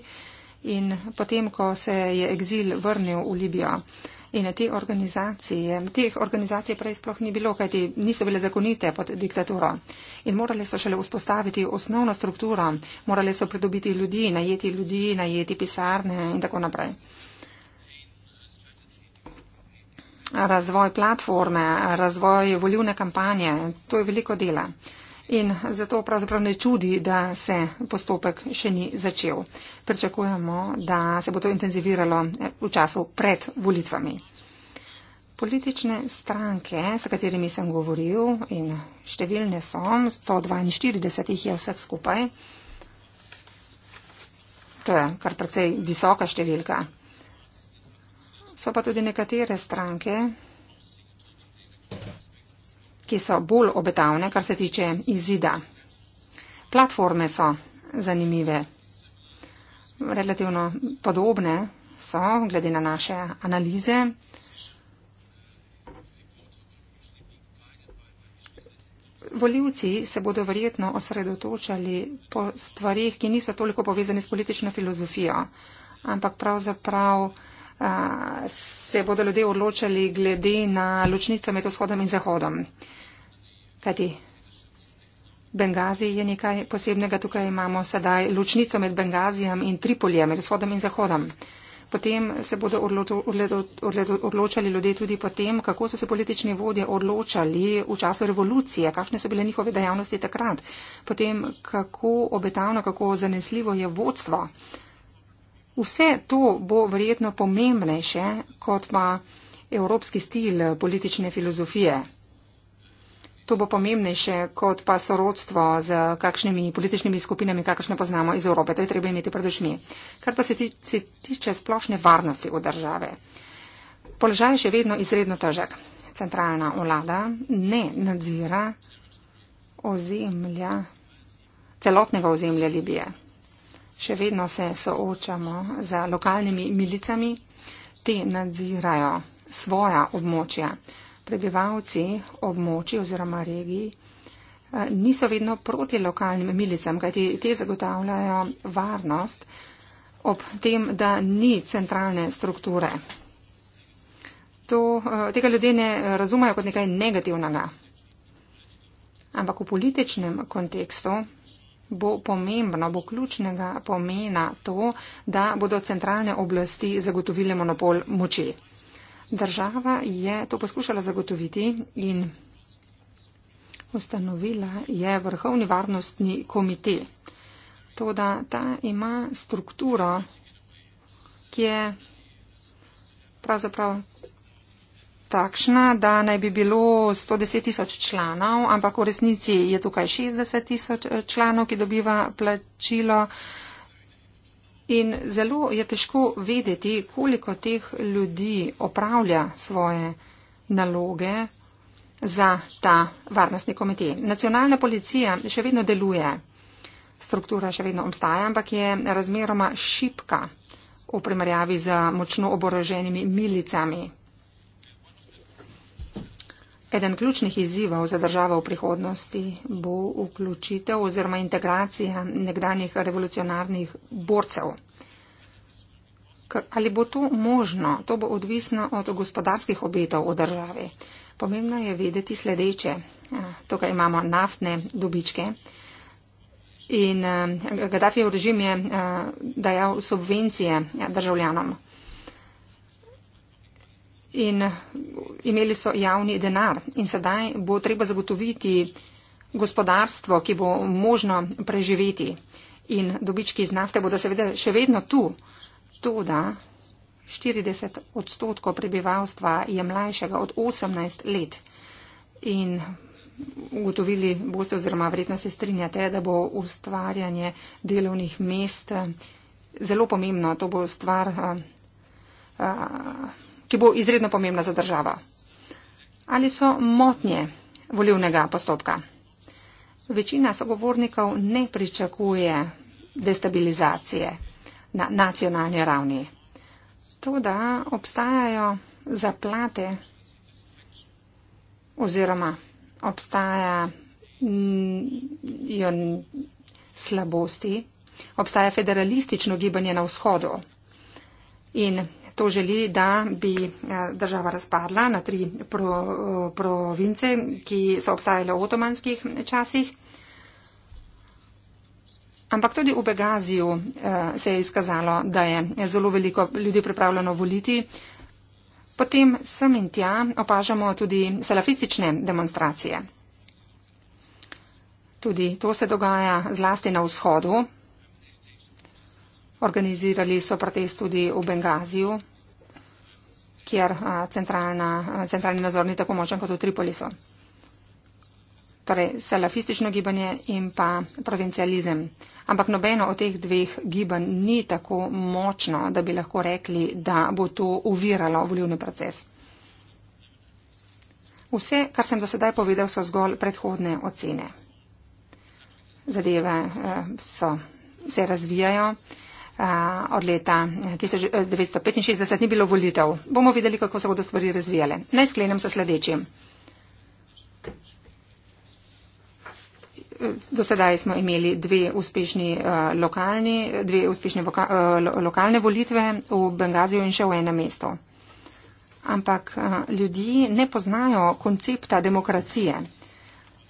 in potem, ko se je exil vrnil v Libijo. In te organizacije, teh organizacij prej sploh ni bilo, kajti niso bile zakonite pod diktaturo. In morali so šele vzpostaviti osnovno strukturo, morali so pridobiti ljudi, najeti ljudi, najeti pisarne in tako naprej. razvoj platforme, razvoj volivne kampanje. To je veliko dela. In zato pravzaprav ne čudi, da se postopek še ni začel. Pričakujemo, da se bo to intenziviralo eh, v času pred volitvami. Politične stranke, s katerimi sem govoril in številne so, 142 jih je vseh skupaj, to je kar precej visoka številka, So pa tudi nekatere stranke, ki so bolj obetavne, kar se tiče izida. Platforme so zanimive, relativno podobne so, glede na naše analize. Voljivci se bodo verjetno osredotočali po stvarih, ki niso toliko povezane s politično filozofijo, ampak pravzaprav prav se bodo ljudje odločali glede na ločnico med vzhodom in zahodom. Kajti Bengazi je nekaj posebnega, tukaj imamo sedaj ločnico med Bengazijem in Tripolijem, med vzhodom in zahodom. Potem se bodo odločali, odločali, odločali ljudje tudi potem, kako so se politični vodje odločali v času revolucije, kakšne so bile njihove dejavnosti takrat, potem kako obetavno, kako zanesljivo je vodstvo. Uh, Vse to bo verjetno pomembnejše kot pa evropski stil politične filozofije. To bo pomembnejše kot pa sorodstvo z kakšnimi političnimi skupinami, kakšne poznamo iz Evrope. To je treba imeti pred očmi. Kar pa se tiče, tiče splošne varnosti v države. Položaj je še vedno izredno težek. Centralna vlada ne nadzira ozemlja, celotnega ozemlja Libije še vedno se soočamo z lokalnimi milicami, te nadzirajo svoja območja. Prebivalci območij oziroma regiji eh, niso vedno proti lokalnim milicam, kajti te zagotavljajo varnost ob tem, da ni centralne strukture. To, eh, tega ljudje ne razumajo kot nekaj negativnega. Ampak v političnem kontekstu bo pomembno, bo ključnega pomena to, da bodo centralne oblasti zagotovile monopol moči. Država je to poskušala zagotoviti in ustanovila je vrhovni varnostni komite. To, da ta ima strukturo, ki je pravzaprav takšna, da naj bi bilo 110 tisoč članov, ampak v resnici je tukaj 60 tisoč eh, članov, ki dobiva plačilo. In zelo je težko vedeti, koliko teh ljudi opravlja svoje naloge za ta varnostni komitej. Nacionalna policija še vedno deluje, struktura še vedno obstaja, ampak je razmeroma šipka v primerjavi z močno oboroženimi milicami. Eden ključnih izzivov za državo v prihodnosti bo vključitev oziroma integracija nekdanjih revolucionarnih borcev. Ali bo to možno, to bo odvisno od gospodarskih obetov v državi. Pomembno je vedeti sledeče. Tukaj imamo naftne dobičke in eh, Gaddafi v režim je eh, dajal subvencije ja, državljanom in imeli so javni denar. In sedaj bo treba zagotoviti gospodarstvo, ki bo možno preživeti. In dobički iz nafte bodo seveda še vedno tu. To, da 40 odstotkov prebivalstva je mlajšega od 18 let. In ugotovili boste oziroma verjetno se strinjate, da bo ustvarjanje delovnih mest eh, zelo pomembno. To bo stvar. Uh, uh, ki bo izredno pomembna za državo. Ali so motnje volivnega postopka? Večina sogovornikov ne pričakuje destabilizacije na nacionalni ravni. To, da obstajajo zaplate oziroma obstajajo slabosti, obstaja federalistično gibanje na vzhodu in to želi, da bi eh, država razpadla na tri pro, province, ki so obstajale v otomanskih časih. Ampak tudi v Begaziju eh, se je izkazalo, da je zelo veliko ljudi pripravljeno voliti. Potem sem in tja opažamo tudi salafistične demonstracije. Tudi to se dogaja zlasti na vzhodu, Organizirali so protest tudi v Bengaziju, kjer centralni nadzor ni tako močen kot v Tripolisu. Torej, salafistično gibanje in pa provincializem. Ampak nobeno od teh dveh gibanj ni tako močno, da bi lahko rekli, da bo to uviralo volivni proces. Vse, kar sem do sedaj povedal, so zgolj predhodne ocene. Zadeve eh, so, se razvijajo od leta 1965 eh, eh, ni bilo volitev. Bomo videli, kako se bodo stvari razvijale. Naj sklenem sa sledečim. Do sedaj smo imeli dve uspešni, uh, lokalni, dve uspešni voka, uh, lokalne volitve v Bengaziju in še v enem mestu. Ampak uh, ljudi ne poznajo koncepta demokracije.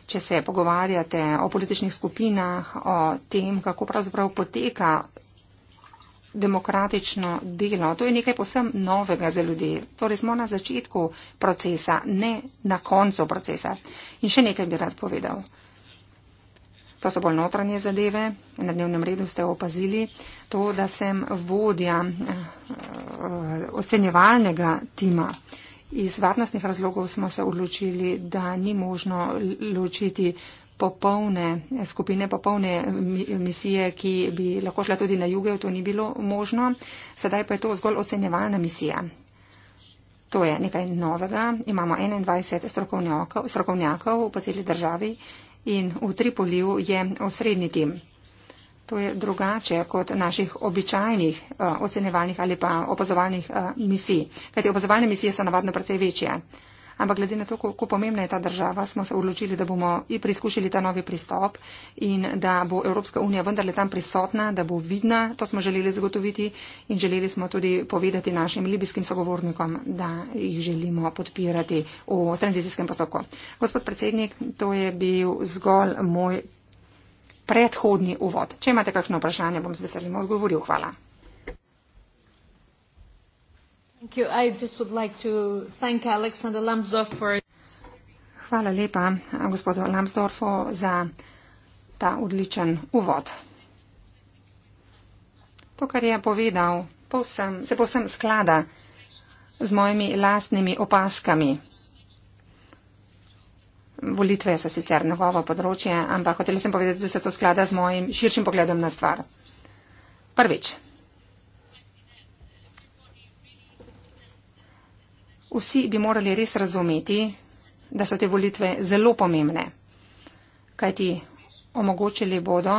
Če se pogovarjate o političnih skupinah, o tem, kako pravzaprav poteka demokratično delo. To je nekaj posem novega za ljudi. Torej smo na začetku procesa, ne na koncu procesa. In še nekaj bi rad povedal. To so bolj notranje zadeve. Na dnevnem redu ste opazili to, da sem vodja eh, ocenjevalnega tima. Iz varnostnih razlogov smo se odločili, da ni možno ločiti popolne skupine, popolne misije, ki bi lahko šla tudi na jugo, to ni bilo možno. Sedaj pa je to zgolj ocenjevalna misija. To je nekaj novega. Imamo 21 strokovnjakov, strokovnjakov po celi državi in v Tripoliju je osrednji tim. To je drugače kot naših običajnih eh, ocenjevalnih ali pa opazovalnih eh, misij. Kajti opazovalne misije so navadno precej večje ampak glede na to, kako pomembna je ta država, smo se odločili, da bomo in preizkušili ta novi pristop in da bo Evropska unija vendarle tam prisotna, da bo vidna, to smo želeli zagotoviti in želeli smo tudi povedati našim libijskim sogovornikom, da jih želimo podpirati v tranzicijskem postopku. Gospod predsednik, to je bil zgolj moj predhodni uvod. Če imate kakšno vprašanje, bom z veseljem odgovoril. Hvala. Hvala lepa gospodu Lambsdorfu za ta odličen uvod. To, kar je povedal, povsem, se povsem sklada z mojimi lastnimi opaskami. Volitve so sicer novo področje, ampak hotel sem povedati, da se to sklada z mojim širšim pogledom na stvar. Prvič. Vsi bi morali res razumeti, da so te volitve zelo pomembne, kajti omogočili bodo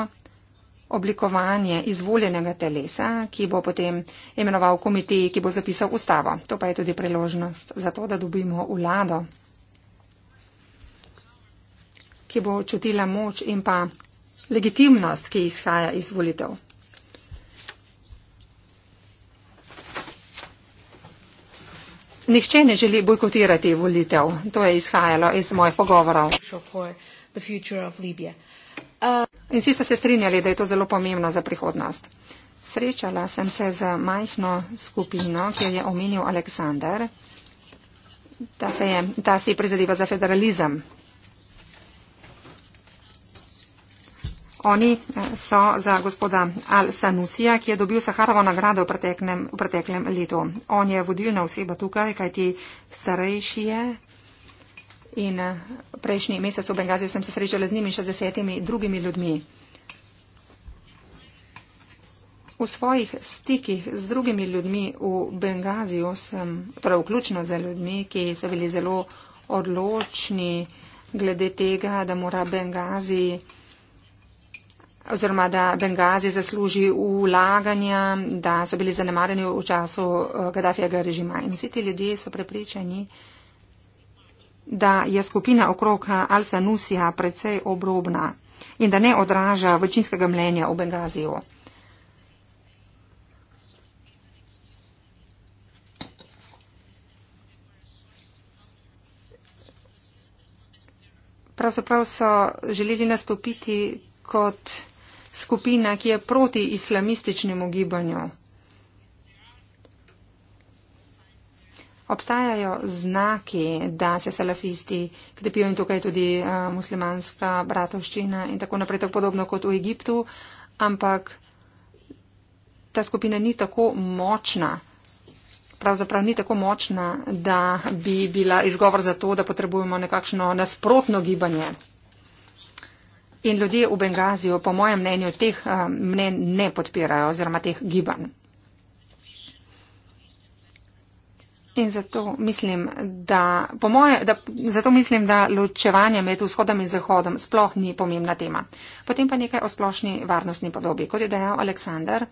oblikovanje izvoljenega telesa, ki bo potem imenoval komitej, ki bo zapisal ustavo. To pa je tudi priložnost za to, da dobimo vlado, ki bo čutila moč in pa legitimnost, ki izhaja iz volitev. Nihče ne želi bojkotirati volitev. To je izhajalo iz mojih pogovorov. In vsi so se strinjali, da je to zelo pomembno za prihodnost. Srečala sem se z majhno skupino, ki je omenil Aleksandar, da, da si prizadeva za federalizem. Oni eh, so za gospoda Al-Sanusija, ki je dobil Saharovo nagrado v preteklem, v preteklem letu. On je vodilna oseba tukaj, kajti starejši je. In eh, prejšnji mesec v Bengaziju sem se srečala z njimi in še z desetimi drugimi ljudmi. V svojih stikih z drugimi ljudmi v Bengaziju sem, torej vključno z ljudmi, ki so bili zelo odločni glede tega, da mora Bengaziji oziroma da Bengazi zasluži vlaganja, da so bili zanemarjeni v času eh, Gaddafijega režima. In vsi ti ljudje so prepričani, da je skupina okrog Al-Sanusija precej obrobna in da ne odraža večinskega mnenja o Bengaziju. Pravzaprav so želeli nastopiti kot skupina, ki je proti islamističnemu gibanju. Obstajajo znaki, da se salafisti krepijo in tukaj tudi eh, muslimanska bratovščina in tako naprej, tako podobno kot v Egiptu, ampak ta skupina ni tako močna, pravzaprav ni tako močna, da bi bila izgovor za to, da potrebujemo nekakšno nasprotno gibanje. In ljudje v Bengaziju, po mojem mnenju, teh eh, mnen ne podpirajo oziroma teh gibanj. In zato mislim, da, po moje, da, zato mislim, da ločevanje med vzhodom in zahodom sploh ni pomembna tema. Potem pa nekaj o splošni varnostni podobi. Kot je dejal Aleksandar,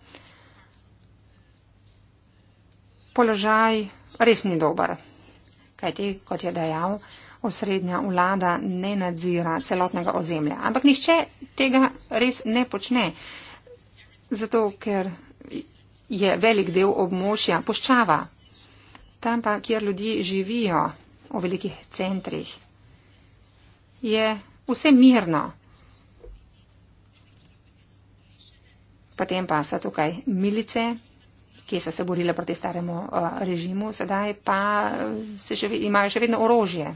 položaj res ni dober. Kajti, kot je dejal, osrednja vlada ne nadzira celotnega ozemlja. Ampak nihče tega res ne počne. Zato, ker je velik del območja poščava. Tam pa, kjer ljudje živijo v velikih centrih, je vse mirno. Potem pa so tukaj milice, ki so se borile proti staremu uh, režimu, sedaj pa eh, še, imajo še vedno orožje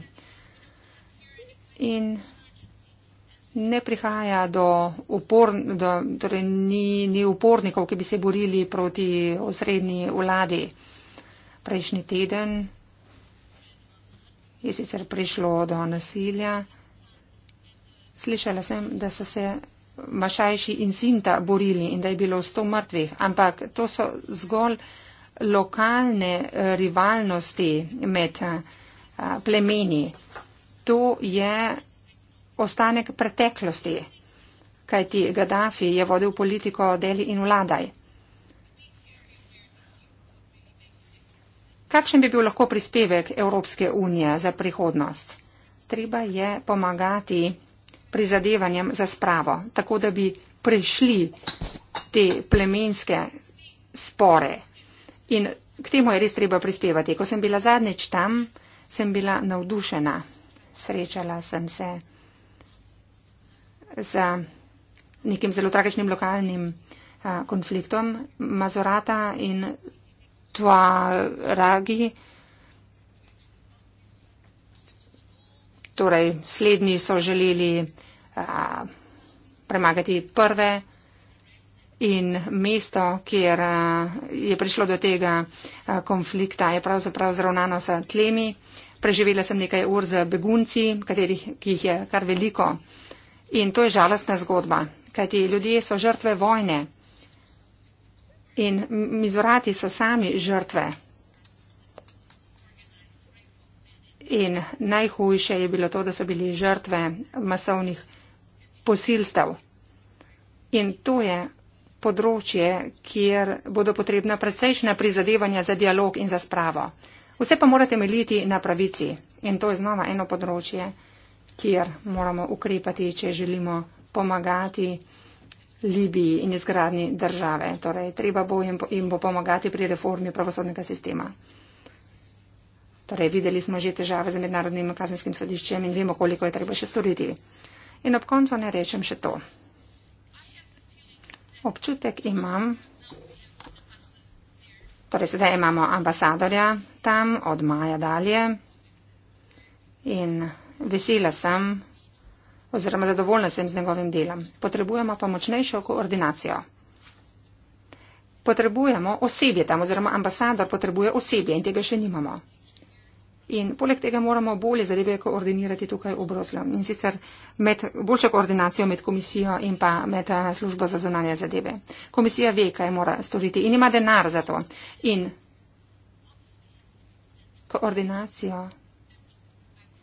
in ne prihaja do, upor, do torej ni, ni upornikov, ki bi se borili proti osrednji vladi. Prejšnji teden je sicer prišlo do nasilja. Slišala sem, da so se Mašajši in Sinta borili in da je bilo sto mrtvih, ampak to so zgolj lokalne eh, rivalnosti med eh, plemeni to je ostanek preteklosti, kajti Gaddafi je vodil politiko deli in vladaj. Kakšen bi bil lahko prispevek Evropske unije za prihodnost? Treba je pomagati prizadevanjem za spravo, tako da bi prešli te plemenske spore. In k temu je res treba prispevati. Ko sem bila zadnjič tam, sem bila navdušena srečala sem se z nekim zelo tragičnim lokalnim a, konfliktom Mazorata in Tuaragi. Torej, slednji so želeli a, premagati prve in mesto, kjer a, je prišlo do tega a, konflikta, je pravzaprav zravnano s tlemi. A, Preživela sem nekaj ur z begunci, katerih, ki jih je kar veliko. In to je žalostna zgodba, kajti ljudje so žrtve vojne. In mizorati so sami žrtve. In najhujše je bilo to, da so bili žrtve masovnih posilstev. In to je področje, kjer bodo potrebna precejšnja prizadevanja za dialog in za spravo. Vse pa morate meliti na pravici in to je znova eno področje, kjer moramo ukrepati, če želimo pomagati Libiji in izgradni države. Torej, treba bo jim bo pomagati pri reformi pravosodnega sistema. Torej, videli smo že težave z mednarodnim kazenskim sodiščem in vemo, koliko je treba še storiti. In ob koncu ne rečem še to. Občutek imam, Torej, zdaj imamo ambasadorja tam od maja dalje in vesela sem oziroma zadovoljna sem z njegovim delom. Potrebujemo pa močnejšo koordinacijo. Potrebujemo osebje tam oziroma ambasador potrebuje osebje in tega še nimamo. In poleg tega moramo bolje zadeve koordinirati tukaj v Bruslju. In sicer med, boljšo koordinacijo med komisijo in pa med eh, službo za zunanje zadeve. Komisija ve, kaj mora storiti in ima denar za to. In koordinacijo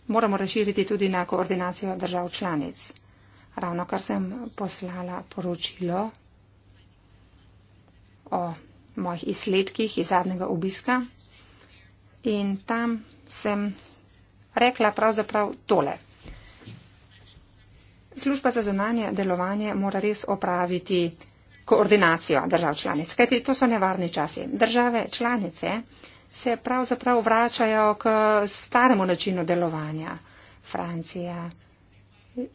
moramo razširiti tudi na koordinacijo držav članic. Ravno kar sem poslala poročilo o mojih izsledkih iz zadnjega obiska. In tam sem rekla pravzaprav tole. Služba za zunanje delovanje mora res opraviti koordinacijo držav članic, kajti to so nevarni časi. Države članice se pravzaprav vračajo k staremu načinu delovanja. Francija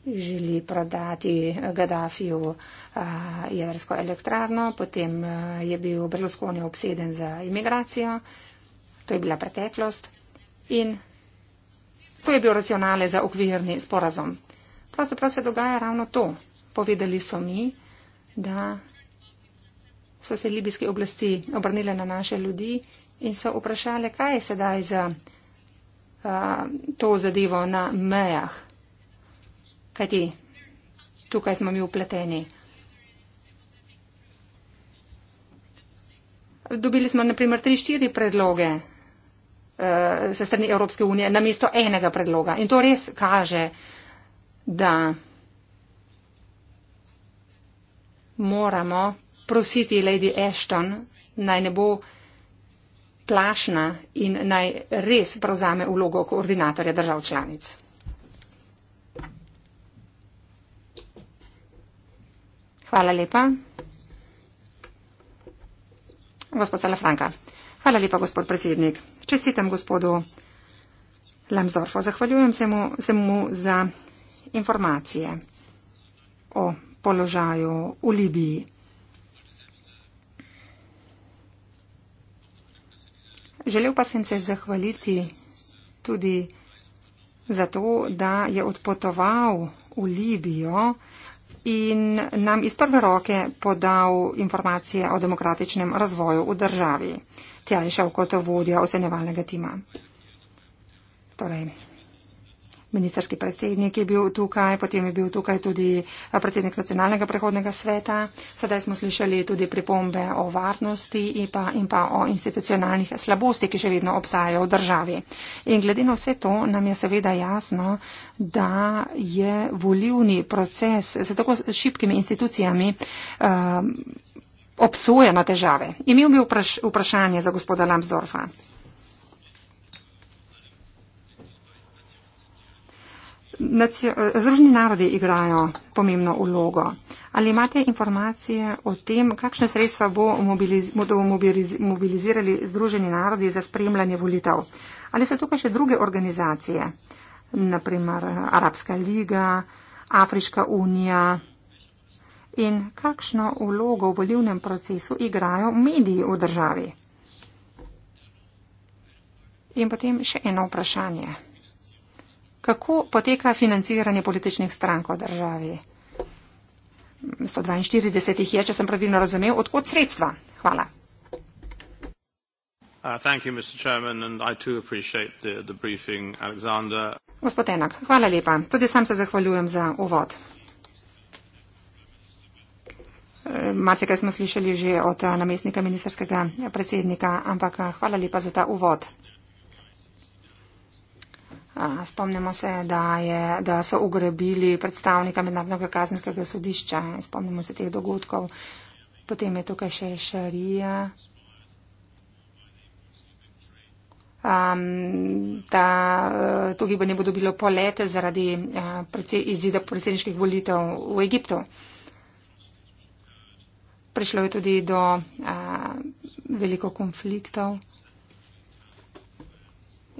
želi prodati Gaddafiju jedrsko elektrarno, potem je bil Berlusconi obseden za imigracijo, to je bila preteklost. In to je bil racionale za okvirni sporazum. Pravzaprav se dogaja ravno to. Povedali so mi, da so se libijske oblasti obrnile na naše ljudi in so vprašali, kaj je sedaj za uh, to zadevo na mejah. Kajti tukaj smo mi upleteni. Dobili smo naprimer 3-4 predloge Eh, se strani Evropske unije namesto enega predloga. In to res kaže, da moramo prositi Lady Ashton, naj ne bo plašna in naj res prevzame vlogo koordinatorja držav članic. Hvala lepa. Gospod Salafranka. Hvala lepa, gospod predsednik. Čestitam gospodu Lamsdorfu. Zahvaljujem se mu, se mu za informacije o položaju v Libiji. Želel pa sem se zahvaliti tudi zato, da je odpotoval v Libijo in nam iz prve roke podal informacije o demokratičnem razvoju v državi. Tja je šel kot vodja ocenjevalnega tima. Torej, ministerski predsednik je bil tukaj, potem je bil tukaj tudi eh, predsednik nacionalnega prehodnega sveta. Sedaj smo slišali tudi pripombe o varnosti in pa, in pa o institucionalnih slabosti, ki še vedno obstajajo v državi. In glede na vse to nam je seveda jasno, da je volivni proces z tako šipkimi institucijami. Um, eh, obsojena težave. Imel bi vpraš vprašanje za gospoda Lambsdorfa. nacio, združeni narodi igrajo pomembno ulogo. Ali imate informacije o tem, kakšne sredstva bo mobiliz, bodo mobiliz, mobilizirali združeni narodi za spremljanje volitev? Ali so tukaj še druge organizacije, naprimer Arabska liga, Afriška unija? In kakšno ulogo v volivnem procesu igrajo mediji v državi? In potem še eno vprašanje. Kako poteka financiranje političnih strank v državi? 142 jih je, če sem pravilno razumel, odkot sredstva. Hvala. Uh, Gospod Enak, hvala lepa. Tudi sam se zahvaljujem za uvod. Eh, marsikaj smo slišali že od eh, namestnika ministerskega eh, predsednika, ampak hvala lepa za ta uvod. Spomnimo se, da, je, da so ugrabili predstavnika mednarodnega kazenskega sodišča. Spomnimo se teh dogodkov. Potem je tukaj še šarija. Um, da to gibanje bo dobilo polete zaradi uh, izida predsedniških volitev v Egiptu. Prišlo je tudi do uh, veliko konfliktov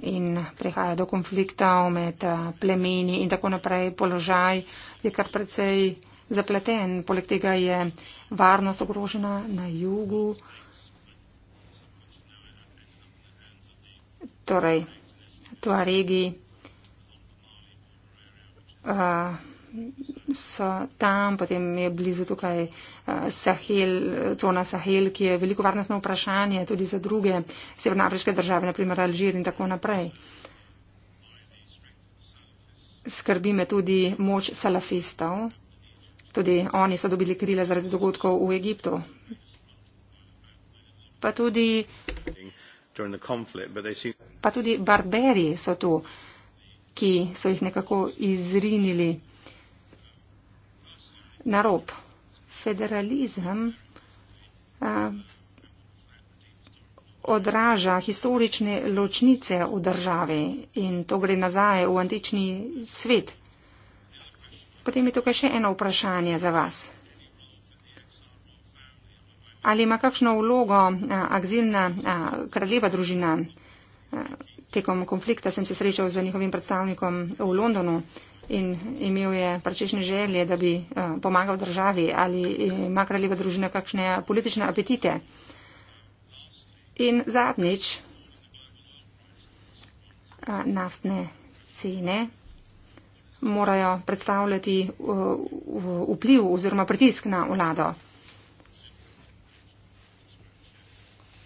in prihaja do konfliktov med eh, plemeni in tako naprej. Položaj je kar precej zapleten. Poleg tega je varnost ogrožena na jugu. Torej, tu regi. Uh, eh, so tam, potem je blizu tukaj eh, Sahel, zona Sahel, ki je veliko varnostno vprašanje tudi za druge severnoafriške države, naprimer Alžir in tako naprej. Skrbi me tudi moč salafistov. Tudi oni so dobili krila zaradi dogodkov v Egiptu. Pa tudi, pa tudi barberi so tu, ki so jih nekako izrinili na rob. Federalizem a, eh, odraža historične ločnice v državi in to gre nazaj v antični svet. Potem je tukaj še eno vprašanje za vas. Ali ima kakšno vlogo eh, akzilna eh, kraljeva družina? A, tekom konflikta sem se srečal z njihovim predstavnikom v Londonu. A, in imel je pračešne želje, da bi eh, pomagal državi ali makar ali v družine kakšne politične apetite. In zadnjič eh, naftne cene morajo predstavljati eh, vpliv oziroma pritisk na vlado.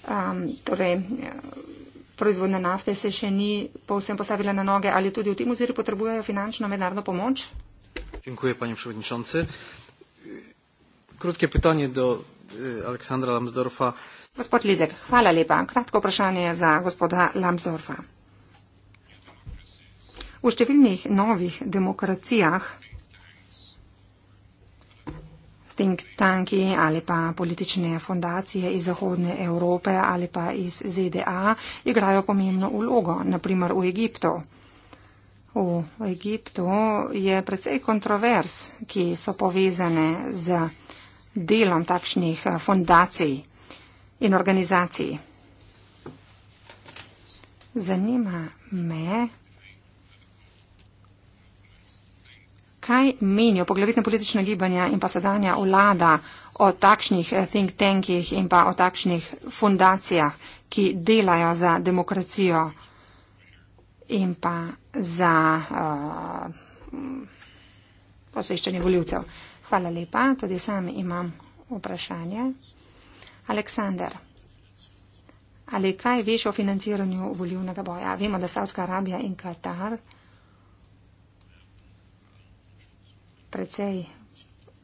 Um, torej, proizvodnja nafte se še ni povsem postavila na noge ali tudi v tem oziru potrebujejo finančno mednarodno pomoč? Dziękuję panie przewodniczący. Krótkie pytanie do e, Aleksandra Lambsdorfa. Gospod Lizek, hvala lepa. Kratko vprašanje za gospoda Lambsdorfa. V številnih novih demokracijah think tanki ali pa politične fondacije iz Zahodne Evrope ali pa iz ZDA igrajo pomembno ulogo, naprimer v Egiptu. V Egiptu je precej kontrovers, ki so povezane z delom takšnih eh, fondacij in organizacij. Zanima me, kaj menijo poglavitne politične gibanja in pa sedanja vlada o takšnih eh, think tankih in pa o takšnih fundacijah, ki delajo za demokracijo in pa za uh, eh, posveščanje voljivcev. Hvala lepa, tudi sam imam vprašanje. Aleksandar, ali kaj veš o financiranju voljivnega boja? Vemo, da Saudska Arabija in Katar. precej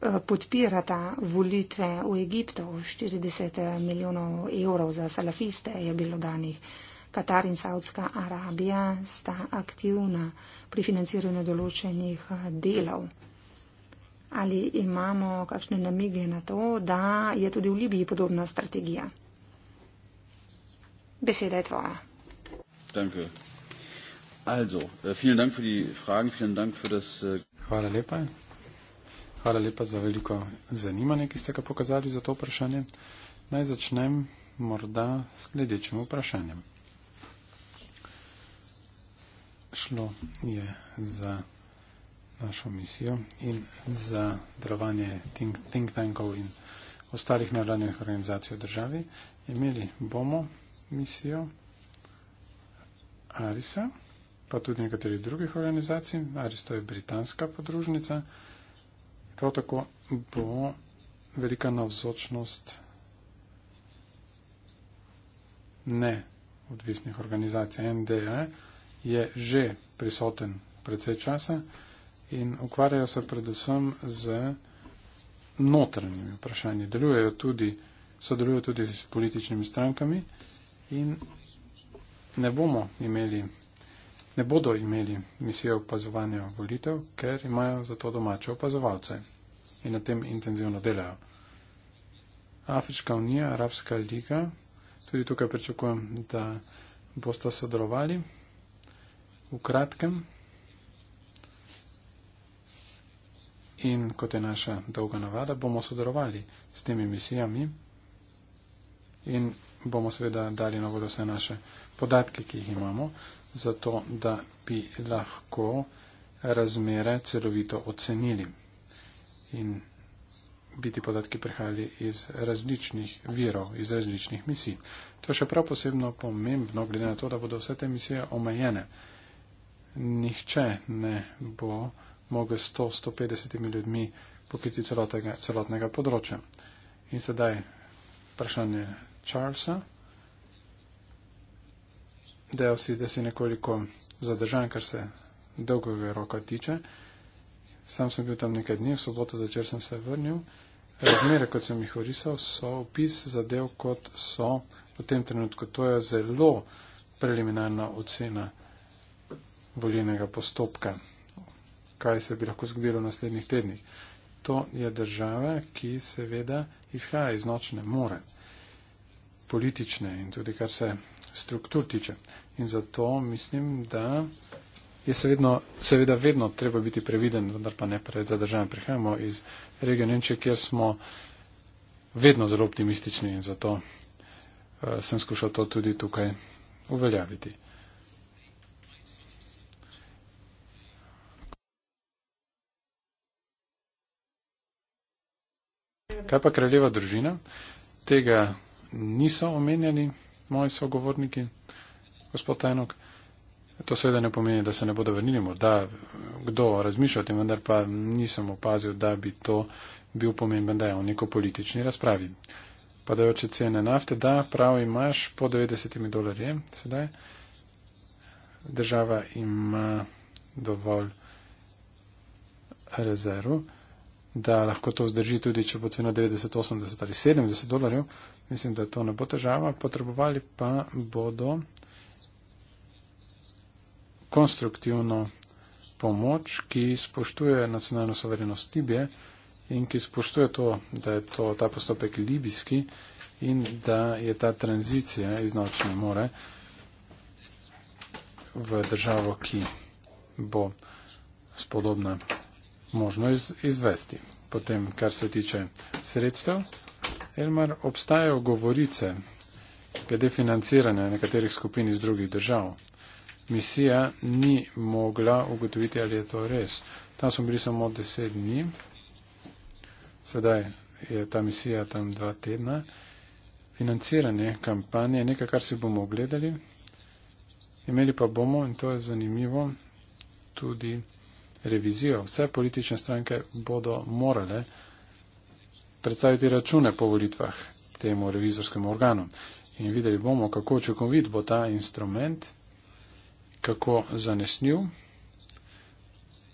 eh, podpirata volitve v Egiptu. 40 eh, milijonov evrov za salafiste je bilo danih. Katar in Saudska Arabija sta aktivna pri financiranju določenih eh, delov. Ali imamo kakšne namige na to, da je tudi v Libiji podobna strategija? Beseda je tvoja. Danke. Also, vielen Dank für die Fragen, vielen Dank für das. Hvala lepa. Hvala lepa za veliko zanimanje, ki ste ga pokazali za to vprašanje. Naj začnem morda s sledečim vprašanjem. Šlo je za našo misijo in za drovanje think, think tankov in ostalih nevladnih organizacij v državi. Imeli bomo misijo ARIS-a, pa tudi nekaterih drugih organizacij. ARIS to je britanska podružnica. Prav tako bo velika navzočnost neodvisnih organizacij. NDA je že prisoten predvsej časa in ukvarjajo se predvsem z notranjimi vprašanji. Delujejo tudi, sodelujejo tudi s političnimi strankami in ne bomo imeli ne bodo imeli misije opazovanja volitev, ker imajo za to domače opazovalce in na tem intenzivno delajo. Afrika unija, Arabska liga, tudi tukaj pričakujem, da boste sodelovali. V kratkem in kot je naša dolga navada, bomo sodelovali s temi misijami in bomo seveda dali na vodo vse naše podatke, ki jih imamo zato da bi lahko razmere celovito ocenili in biti podatki prihajali iz različnih virov, iz različnih misij. To je še prav posebno pomembno, glede na to, da bodo vse te misije omejene. Nihče ne bo mogel 100-150 ljudmi pokriti celotnega, celotnega področja. In sedaj vprašanje Charlesa dejal si, da si nekoliko zadržan, kar se dolgove roka tiče. Sam sem bil tam nekaj dni, v soboto začer sem se vrnil. Razmere, kot sem jih orisal, so opis zadev, kot so v tem trenutku. To je zelo preliminarna ocena volilnega postopka, kaj se bi lahko zgodilo v naslednjih tednih. To je država, ki seveda izhaja iz nočne more, politične in tudi kar se struktur tiče. In zato mislim, da je vedno, seveda vedno treba biti previden, vendar pa ne pred zadržanjem. Prihajamo iz regije Nemčije, kjer smo vedno zelo optimistični in zato uh, sem skušal to tudi tukaj uveljaviti. Kaj pa kraljeva družina? Tega niso omenjali moji sogovorniki gospod Tajnok. To seveda ne pomeni, da se ne bodo vrnili, morda kdo razmišlja o tem, vendar pa nisem opazil, da bi to bil pomemben dejav v neko politični razpravi. Padajoče cene nafte, da, prav imaš, po 90 dolarje sedaj. Država ima dovolj rezervu, da lahko to zdrži tudi, če bo cena 90, 80 ali 70 dolarjev. Mislim, da to ne bo težava. Potrebovali pa bodo konstruktivno pomoč, ki spoštuje nacionalno soverenost Libije in ki spoštuje to, da je to, ta postopek libijski in da je ta tranzicija iz nočne more v državo, ki bo spodobna možno iz, izvesti. Potem, kar se tiče sredstev, Elmar, obstajajo govorice glede financiranja nekaterih skupin iz drugih držav misija ni mogla ugotoviti, ali je to res. Tam smo bili samo deset dni, sedaj je ta misija tam dva tedna. Financiranje kampanje je nekaj, kar si bomo ogledali. Imeli pa bomo, in to je zanimivo, tudi revizijo. Vse politične stranke bodo morale predstaviti račune po volitvah temu revizorskemu organu. In videli bomo, kako očekovit bo ta instrument kako zanesljiv.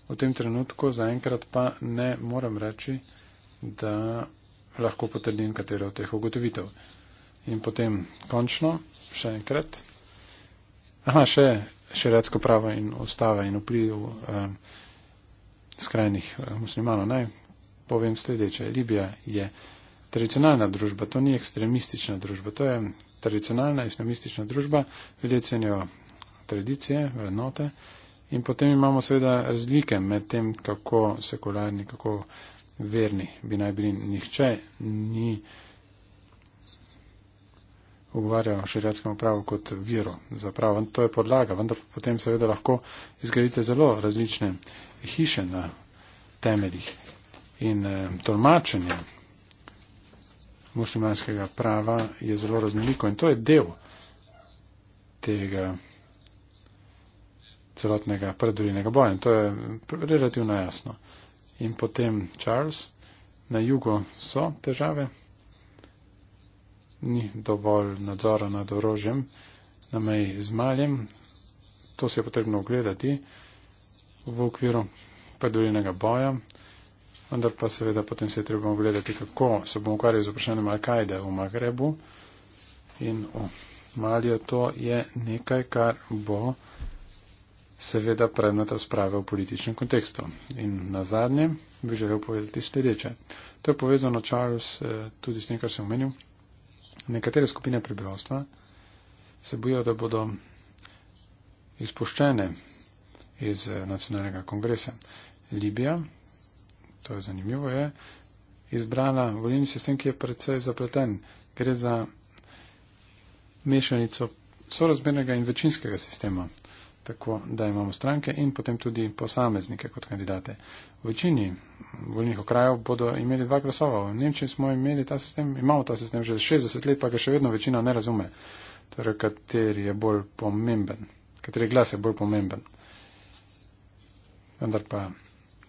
V tem trenutku zaenkrat pa ne moram reči, da lahko potrdim katero od teh ugotovitev. In potem končno, še enkrat. Aha, še šeretsko pravo in ostava in vpliv eh, skrajnih eh, muslimanov. Naj povem sledeče. Libija je tradicionalna družba, to ni ekstremistična družba, to je tradicionalna islamistična družba, ljudje cenijo tradicije, vrednote. In potem imamo seveda razlike med tem, kako sekularni, kako verni bi naj bili. Nihče ni ugovarjal širjatskemu pravu kot vero za pravo. To je podlaga, vendar potem seveda lahko izgradite zelo različne hiše na temeljih in eh, tolmačenje muslimanskega prava je zelo raznoliko in to je del tega celotnega predvoljenega boja. To je relativno jasno. In potem Charles, na jugu so težave, ni dovolj nadzora nad orožjem, na meji z Maljem, to se je potrebno ogledati v okviru predvoljenega boja, vendar pa seveda potem se je treba ogledati, kako se bomo ukvarjali z vprašanjem Al-Kaide v Magrebu in v Malijo. To je nekaj, kar bo seveda predmet razprave v političnem kontekstu. In na zadnje bi želel povedati sledeče. To je povezano, Charles, eh, tudi s tem, kar sem omenil. Nekatere skupine prebivalstva se bojijo, da bodo izpuščene iz eh, nacionalnega kongresa. Libija, to je zanimivo, je izbrala volilni sistem, ki je predvsej zapleten. Gre za mešanico sorazmernega in večinskega sistema tako da imamo stranke in potem tudi posameznike kot kandidate. V večini volnih okrajev bodo imeli dva glasova. V Nemčiji smo imeli ta sistem, imamo ta sistem že 60 let, pa ga še vedno večina ne razume, torej kateri je bolj pomemben, kateri glas je bolj pomemben. Vendar pa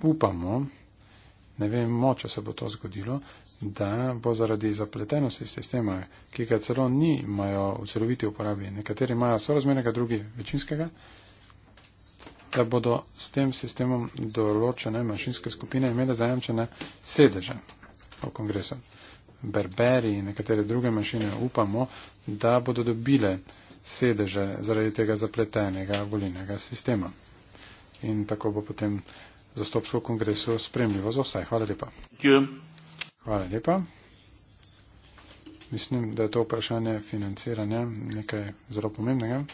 upamo, ne vemo, če se bo to zgodilo, da bo zaradi zapletenosti sistema, ki ga celo ni, imajo v celoviti uporabi, nekateri imajo sorazmernega, drugi večinskega, da bodo s tem sistemom določene manjšinske skupine imele zajamčene sedeže v kongresu. Berberi in nekatere druge manjšine upamo, da bodo dobile sedeže zaradi tega zapletenega volilnega sistema. In tako bo potem zastopstvo v kongresu spremljivo za vse. Hvala lepa. Hvala lepa. Mislim, da je to vprašanje financiranja nekaj zelo pomembnega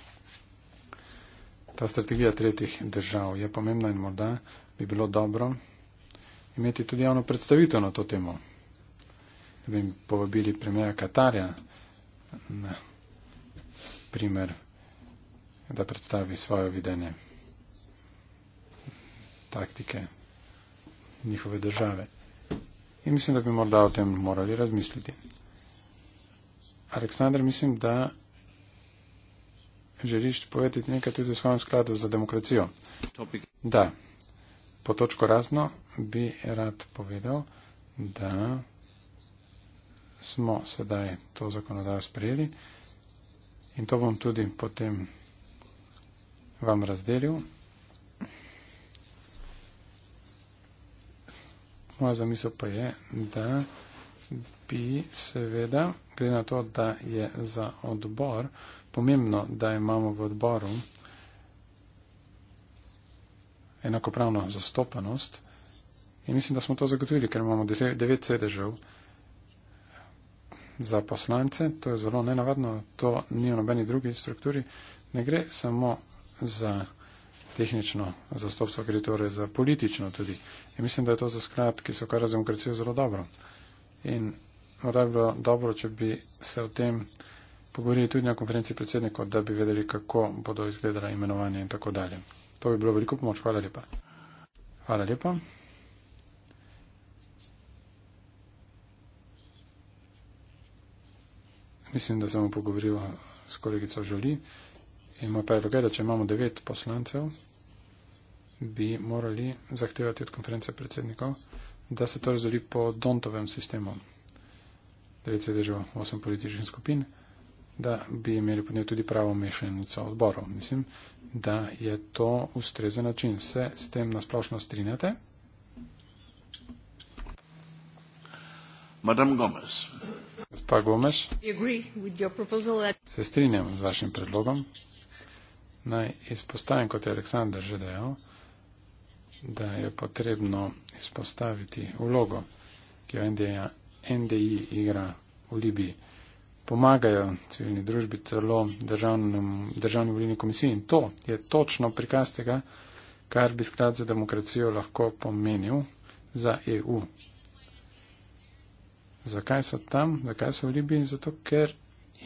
ta strategija tretjih držav je pomembna in morda bi bilo dobro imeti tudi javno predstavitev na to temo. Da bi jim povabili premjera Katarja, na primer, da predstavi svoje videnje taktike njihove države. In mislim, da bi morda o tem morali razmisliti. Aleksandr, mislim, da želiš povedati nekaj tudi o svojem skladu za demokracijo? Topic. Da. Po točko razno bi rad povedal, da smo sedaj to zakonodajo sprejeli in to bom tudi potem vam razdelil. Moja zamisel pa je, da bi seveda, glede na to, da je za odbor, pomembno, da imamo v odboru enakopravno zastopanost in mislim, da smo to zagotovili, ker imamo devet sedežev za poslance, to je zelo nenavadno, to ni v nobeni drugi strukturi, ne gre samo za tehnično zastopstvo, gre torej za politično tudi. In mislim, da je to za sklad, ki se ukvarja z demokracijo zelo dobro. In morda bi bilo dobro, če bi se o tem pogovorili tudi na konferenci predsednikov, da bi vedeli, kako bodo izgledala imenovanja in tako dalje. To bi bilo veliko pomoč. Hvala lepa. Hvala lepa. Mislim, da sem pogovorila s kolegico Žoli in moj predlog je, da če imamo devet poslancev, bi morali zahtevati od konference predsednikov, da se to razdeli po Dontovem sistemu. Devet sedežev, osem političnih skupin da bi imeli potem tudi pravo mešanico odborov. Mislim, da je to ustrezen način. Se s tem nasplošno strinjate? Madam Gomez. Gospa Gomez. Se strinjam z vašim predlogom. Naj izpostavim, kot je Aleksandar že dejal, da je potrebno izpostaviti vlogo, ki jo NDI igra v Libiji pomagajo civilni družbi, celo državni volilni komisiji. In to je točno prikaz tega, kar bi sklad za demokracijo lahko pomenil za EU. Zakaj so tam, zakaj so v Libiji? Zato, ker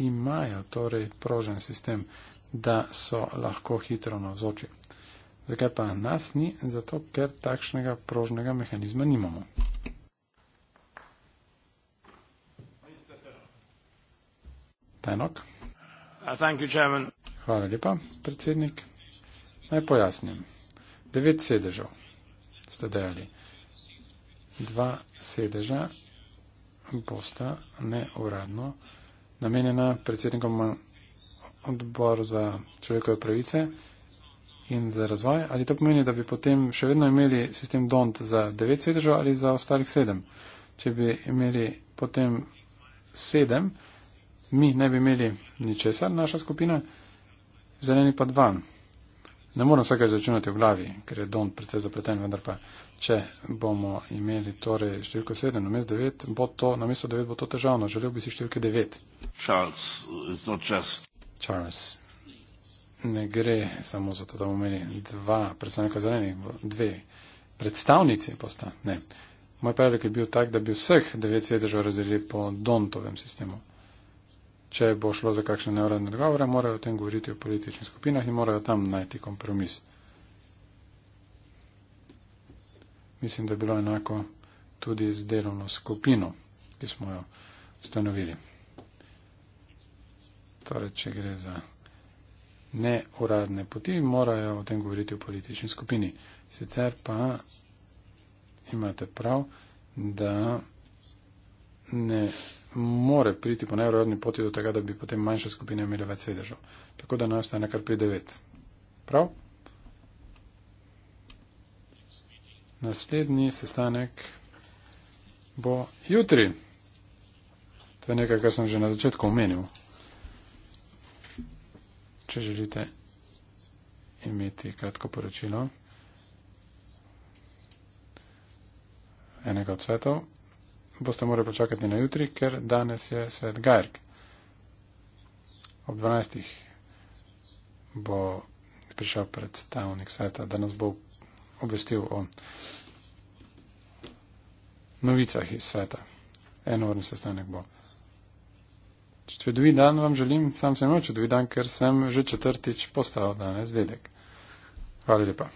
imajo torej prožen sistem, da so lahko hitro navzoči. Zakaj pa nas ni? Zato, ker takšnega prožnega mehanizma nimamo. Tenok. Uh, Hvala lepa, predsednik. Naj pojasnim. Devet sedežev ste dejali. Dva sedeža bosta neuradno namenjena predsednikom odboru za človekove pravice in za razvoj. Ali to pomeni, da bi potem še vedno imeli sistem DONT za devet sedežev ali za ostalih sedem? Če bi imeli potem sedem, mi ne bi imeli ničesar, naša skupina, zeleni pa dva. Ne moram vsega izračunati v glavi, ker je don precej zapleten, vendar pa, če bomo imeli torej številko 7 namesto 9, bo to, namesto 9 bo to težavno, želel bi si številke 9. Charles, just... Charles, ne gre samo za to, da bomo imeli dva predstavnika zelenih, dve predstavnici posta, ne. Moj predlog je bil tak, da bi vseh devet sedežev razdelili po Dontovem sistemu če bo šlo za kakšne neuradne dogovore, morajo o tem govoriti v političnih skupinah in morajo tam najti kompromis. Mislim, da je bilo enako tudi z delovno skupino, ki smo jo ustanovili. Torej, če gre za neuradne poti, morajo o tem govoriti v politični skupini. Sicer pa imate prav, da ne more priti po najvrjodni poti do tega, da bi potem manjše skupine imele več sedežev. Tako da nas stane kar pri devet. Prav? Naslednji sestanek bo jutri. To je nekaj, kar sem že na začetku omenil. Če želite imeti kratko poročilo enega od svetov boste morali počakati na jutri, ker danes je svet Gajrk. Ob 12. bo prišel predstavnik sveta, da nas bo obvestil o novicah iz sveta. Enorni sestanek bo. Čudovi dan vam želim, sam sem imel čudovi dan, ker sem že četrtič postal danes dedek. Hvala lepa.